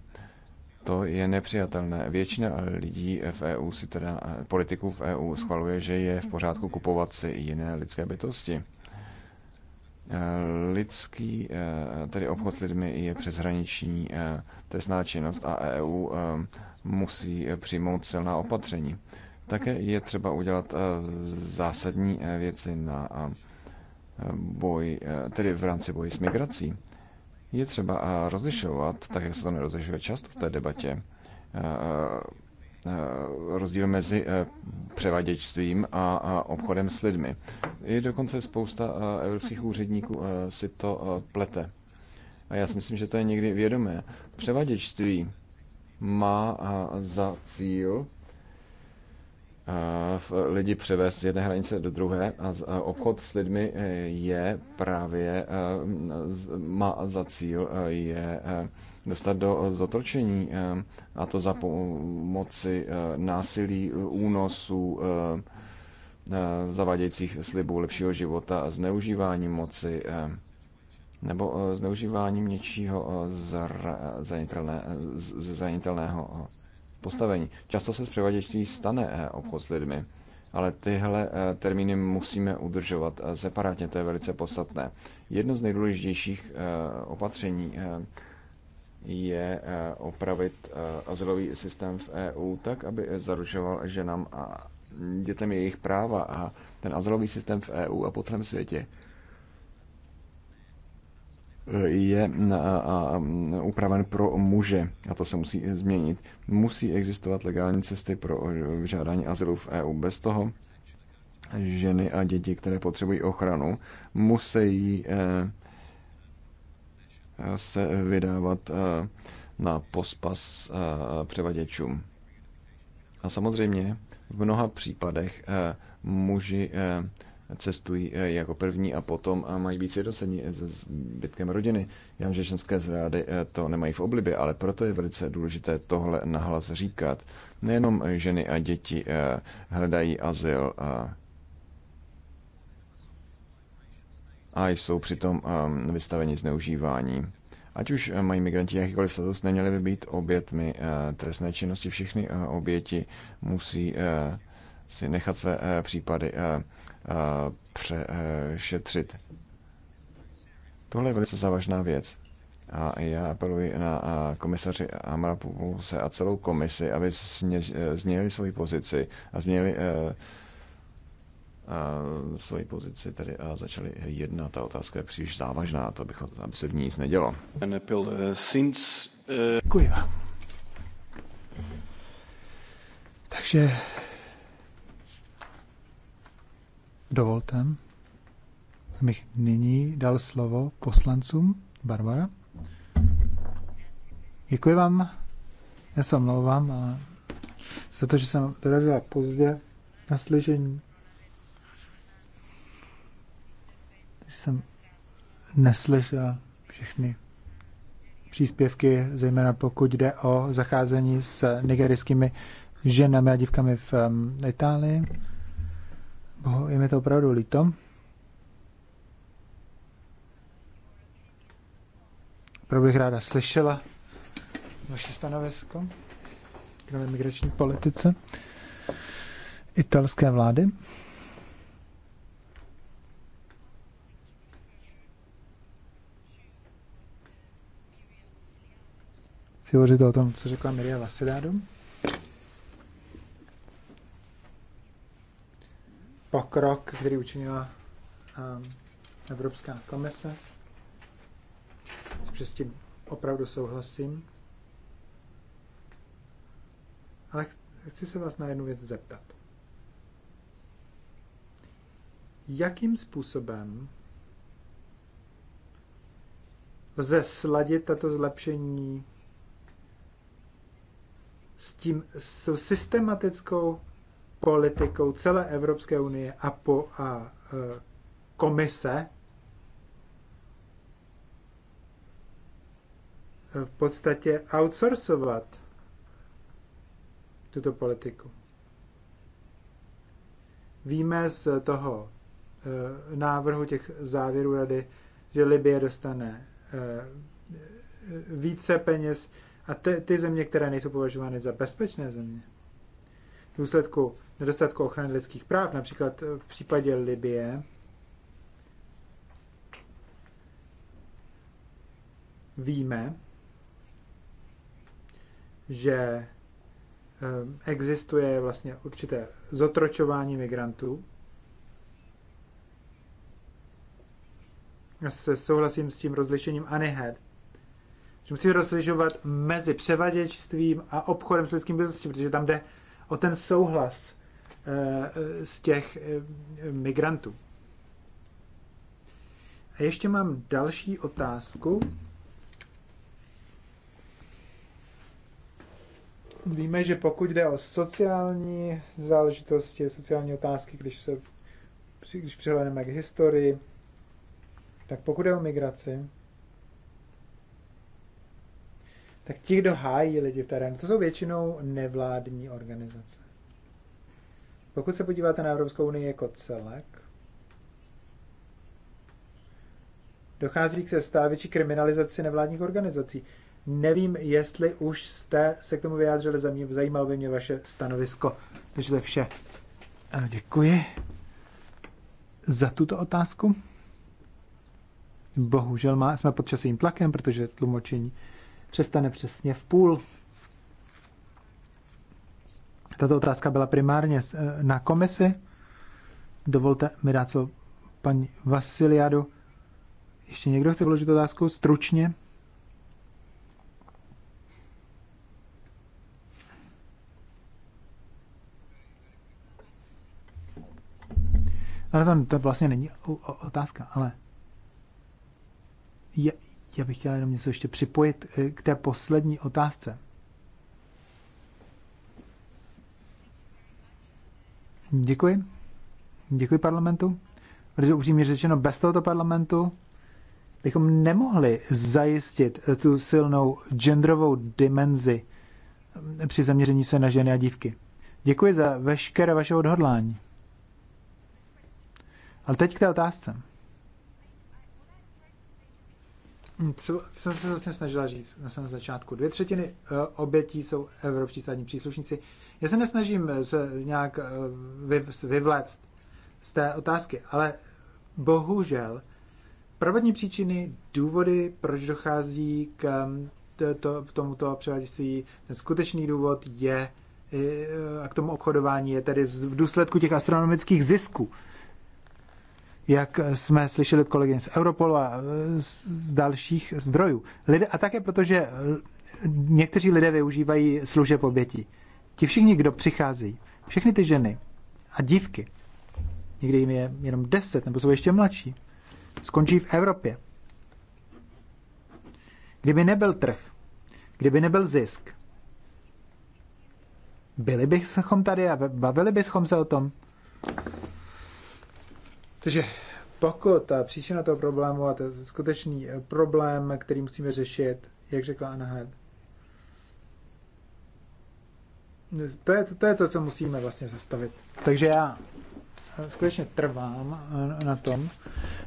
To je nepřijatelné. Většina lidí v EU si teda, politiků v EU schvaluje, že je v pořádku kupovat si jiné lidské bytosti. Lidský, tedy obchod s lidmi je přeshraniční trestná činnost a EU musí přijmout silná opatření. Také je třeba udělat eh, zásadní eh, věci na eh, boj, tedy v rámci boji s migrací. Je třeba rozlišovat, tak jak se to nerozlišuje často v té debatě, rozdíl mezi převaděčstvím a obchodem s lidmi. I dokonce spousta evropských úředníků si to plete. A já si myslím, že to je někdy vědomé. Převaděčství má za cíl Eh, lidi převést z jedné hranice do druhé a obchod s lidmi eh, je právě, eh, má za cíl, je dostat do zotročení a to za pomoci násilí, únosů, zavadějících slibů lepšího života a zneužívání moci nebo zneužíváním něčího zranitelné, zranitelného postavení. Často se z převaděčství stane eh, obchod s lidmi, ale tyhle eh, termíny musíme udržovat eh, separátně, to je velice podstatné. Jedno z nejdůležitějších opatření je opravit azylový systém v EU tak, aby zaručoval ženám a dětem jejich práva a ten azylový systém v EU a po celém světě je mm, mm, upraven pro muže a to se musí změnit. Musí existovat legální cesty pro eh, žádání azylu v EU. Bez toho ženy a děti, které potřebují ochranu, musí eh, se vydávat eh, na pospas převaděčům. A samozřejmě v mnoha případech muži cestují eh, jako první a potom a eh, mají být sjednoceni eh, se zbytkem rodiny. Já vím, že ženské zrády to nemají v oblibě, ale proto je velice důležité tohle nahlas říkat. Nejenom ženy a děti hledají azyl a, a jsou přitom vystaveni zneužívání. Ať už mají migranti jakýkoliv status, neměli by být obětmi trestné činnosti. Všechny oběti musí si nechat své eh, případy eh, eh, přešetřit. Tohle je velice závažná věc. A já apeluji na komisaři Amrapoulose a celou komisi, aby změnili svoji pozici a změnili svoji pozici tedy a začali jednat. Ta otázka je příliš závažná, to bych, aby se v ní nic nedělo. Děkuji vám. Takže Dovolte, abych nyní dal slovo poslancům. Barbara. Děkuji vám. Já se omlouvám a za to, že jsem dorazila pozdě na slyšení. Jsem neslyšela všechny příspěvky, zejména pokud jde o zacházení s nigerijskými ženami a dívkami v Itálii. Bohu, no, je mi to opravdu líto. Opravdu bych ráda slyšela vaše stanovisko k nové migrační politice italské vlády. Si hovořit o tom, co řekla Miria Vasiládu. pokrok, který učinila ehm, Evropská komise. Že s tím opravdu souhlasím. Ale chci se vás na jednu věc zeptat. Jakým způsobem lze sladit tato zlepšení s tím s tou systematickou politikou celé Evropské unie a, po, a e, komise e, v podstatě outsourcovat tuto politiku. Víme z toho e, návrhu těch závěrů rady, že Libie dostane více peněz a ty, ty země, které nejsou považovány za bezpečné země, v důsledku nedostatku ochrany lidských práv, například v případě Libie, víme, že eh, existuje vlastně určité zotročování migrantů. Já se souhlasím s tím rozlišením Anihed, že musíme rozlišovat mezi převaděčstvím a obchodem s lidským bytostí, protože tam jde o ten souhlas eh, z těch eh, migrantů. A ještě mám další otázku. Víme, že pokud jde o sociální záležitosti, sociální otázky, když se když přihledneme k historii, tak pokud jde o migraci, tak ti, kdo hájí lidi v terénu, to jsou většinou nevládní organizace. Pokud se podíváte na Evropskou unii jako celek, dochází k se stávětší kriminalizaci nevládních organizací. Nevím, jestli už jste se k tomu vyjádřili, za mě, zajímalo by mě vaše stanovisko. Takže to je vše. Ano, děkuji za tuto otázku. Bohužel má, jsme pod časovým tlakem, protože tlumočení přestane přesně v půl. Tato otázka byla primárně na komisi. Dovolte mi dát co paní Vasiliadu. Ještě někdo chce položit otázku? Stručně. Ale to, to vlastně není otázka, ale je, já bych chtěla jenom něco ještě připojit eh, k té poslední otázce. Děkuji. Děkuji parlamentu. Protože upřímně řečeno, bez tohoto parlamentu bychom nemohli zajistit tu silnou genderovou dimenzi eh, při zaměření se na ženy a dívky. Děkuji za veškeré vaše odhodlání. Ale teď k té otázce. Hm, co, co se vlastně snažila říct na samém začátku? Dvě třetiny eh, obětí jsou evropští státní příslušníci. Já se nesnažím eh, se nějak eh, vyvléct z té otázky, ale bohužel prvotní příčiny, důvody, proč dochází k hm, to, tomuto převaděství, ten skutečný důvod je a k tomu obchodování je tedy v důsledku těch astronomických zisků, jak jsme slyšeli od kolegy z Europolu a e, z dalších zdrojů. Lidé, a také proto, že e, někteří lidé využívají služeb obětí. Ti všichni, kdo přicházejí, všechny ty ženy a dívky, někdy jim je jenom deset nebo jsou ještě mladší, skončí v Evropě. Kdyby nebyl trh, kdyby nebyl zisk, byli bychom tady a bavili bychom se o tom. Takže pokud ta příčina toho problému a je skutečný eh, problém, který musíme řešit, jak řekla Anahel, to je, to je to, co musíme vlastně zastavit. Takže já eh, skutečně trvám eh, na tom,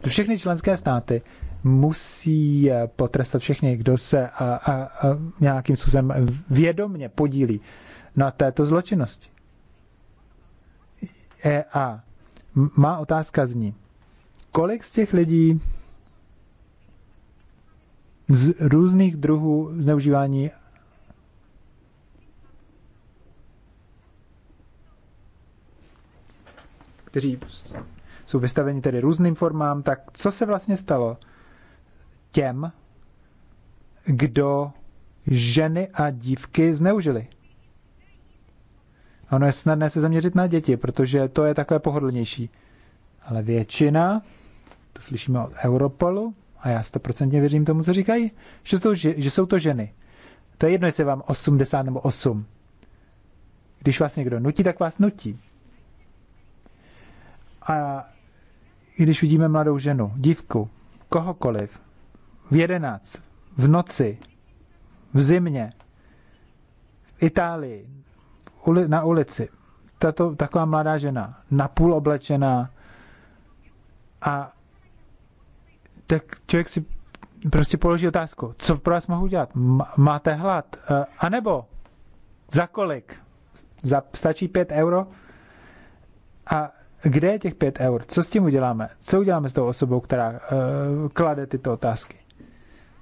že všechny členské státy musí potrestat všechny, kdo se a, a, a nějakým způsobem vědomně podílí na této zločinnosti. EA má otázka zní, kolik z těch lidí z různých druhů zneužívání kteří jsou vystaveni tedy různým formám, tak co se vlastně stalo těm, kdo ženy a dívky zneužili? ono je snadné se zaměřit na děti, protože to je takové pohodlnější. Ale většina, to slyšíme od Europolu, a já stoprocentně věřím tomu, co říkají, že, jsou, že, že jsou to ženy. To je jedno, jestli vám 80 nebo 8. Když vás někdo nutí, tak vás nutí. A i když vidíme mladou ženu, dívku, kohokoliv, v jedenáct, v noci, v zimě, v Itálii, uli, na ulici. Tato, taková mladá žena, napůl oblečená a tak člověk si prostě položí otázku, co pro vás mohu dělat? Máte hlad? E, a nebo za kolik? Za, stačí pět euro? A kde je těch pět eur? Co s tím uděláme? Co uděláme s tou osobou, která uh, klade tyto otázky?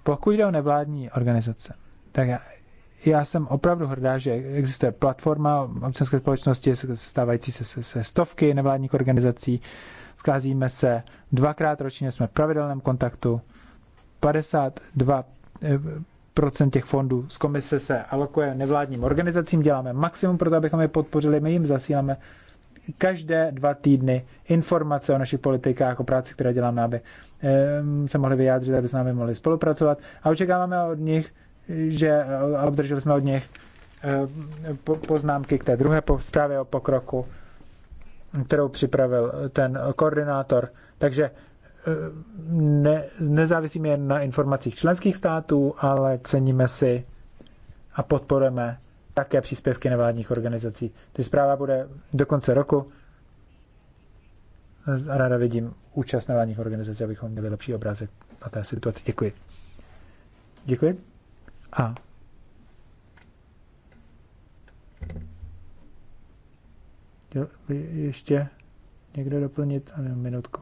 Pokud jde o nevládní organizace, tak já, já jsem opravdu hrdá, že existuje platforma občanské společnosti stávající se, se, se stovky nevládních organizací. Scházíme se dvakrát ročně, jsme v pravidelném kontaktu. 52 eh, procent těch fondů z komise se alokuje nevládním organizacím, děláme maximum pro to, abychom je podpořili, my jim zasíláme každé dva týdny informace o našich politikách, o práci, které děláme, aby eh, se mohli vyjádřit, aby s námi mohli spolupracovat a očekáváme od nich že obdrželi jsme od nich eh, poznámky k té druhé zprávě o pokroku, kterou připravil ten koordinátor. Takže eh, ne, nezávisíme jen na informacích členských států, ale ceníme si a podporujeme také příspěvky nevládních organizací. Ty zpráva bude do konce roku. Ráda vidím účast nevládních organizací, abychom měli lepší obrázek na té situaci. Děkuji. Děkuji. A chtěl by ještě někdo doplnit? Ano, minutku.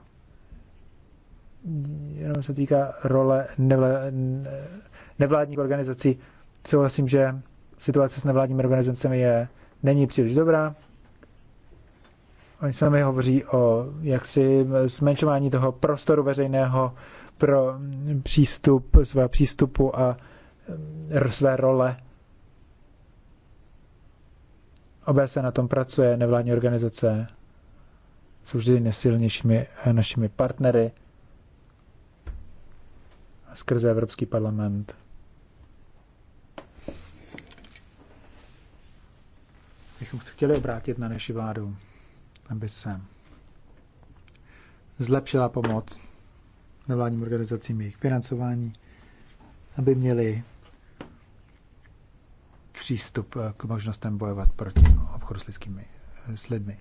Jenom se týká role nevládních organizací. Souhlasím, že situace s nevládními organizacemi je není příliš dobrá. Oni sami hovoří o jaksi zmenšování toho prostoru veřejného pro přístup, svého přístupu a své role. se na tom pracuje, nevládní organizace jsou vždy nesilnějšími eh, našimi partnery skrze Evropský parlament. Bychom se chtěli obrátit na naši vládu, aby se zlepšila pomoc nevládním organizacím jejich financování, aby měli přístup eh, k možnostem bojovat proti obchodu s, lidskými, eh, s lidmi.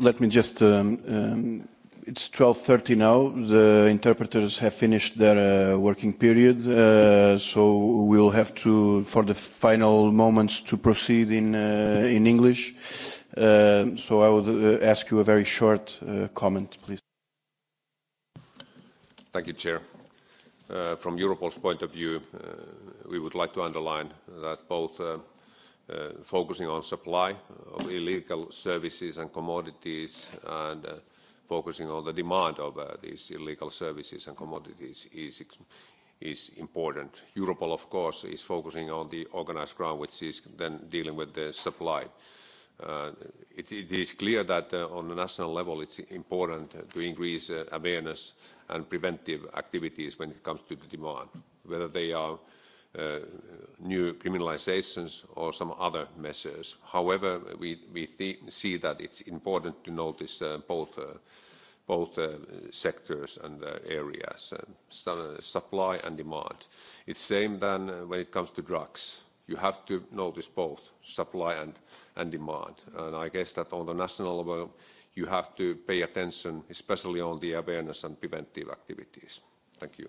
Let me just um, um it's 12:30 now. The interpreters have finished their uh, working period, uh, so we'll have to, for the final moments, to proceed in uh, in English. Uh, so I would uh, ask you a very short uh, comment, please. Thank you, Chair. Uh, from Europol's point of view, uh, we would like to underline that both uh, uh, focusing on supply of illegal services and commodities and uh, focusing on the demand of uh, these illegal services and commodities is, is important. Europol, of course, is focusing on the organized crime, which is then dealing with the supply. Uh, it, it is clear that uh, on the national level it's important to increase uh, awareness and preventive activities when it comes to the demand, whether they are uh, Uh, new criminalizations or some other measures. However, we, we th see that it's important to notice uh, both, uh, both uh, sectors and uh, areas, uh, su supply and demand. It's same than uh, when it comes to drugs. You have to notice both supply and, and demand. And I guess that on the national level, you have to pay attention, especially on the awareness and preventive activities. Thank you.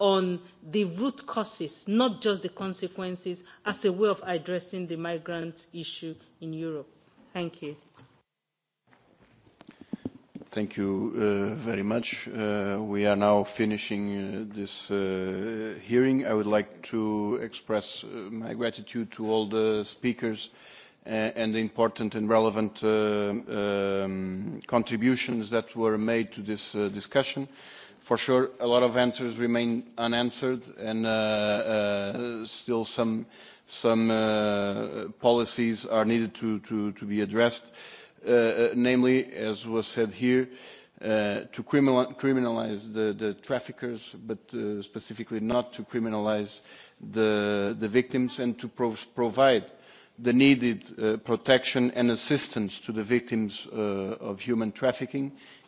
on the root causes, not just the consequences, as a way of addressing the migrant issue in Europe. Thank you. Thank you uh, very much. Uh, we are now finishing uh, this uh, hearing. I would like to express uh, my gratitude to all the speakers uh, and the important and relevant um, contributions that were made to this discussion. For sure, a lot of answers remain unanswered, and uh, uh, still some some uh, policies are needed to to, to be addressed. Uh, uh, namely, as was said here, uh, to criminalize the, the traffickers, but specifically not to criminalize the the victims, and to pro provide the needed protection and assistance to the victims of human trafficking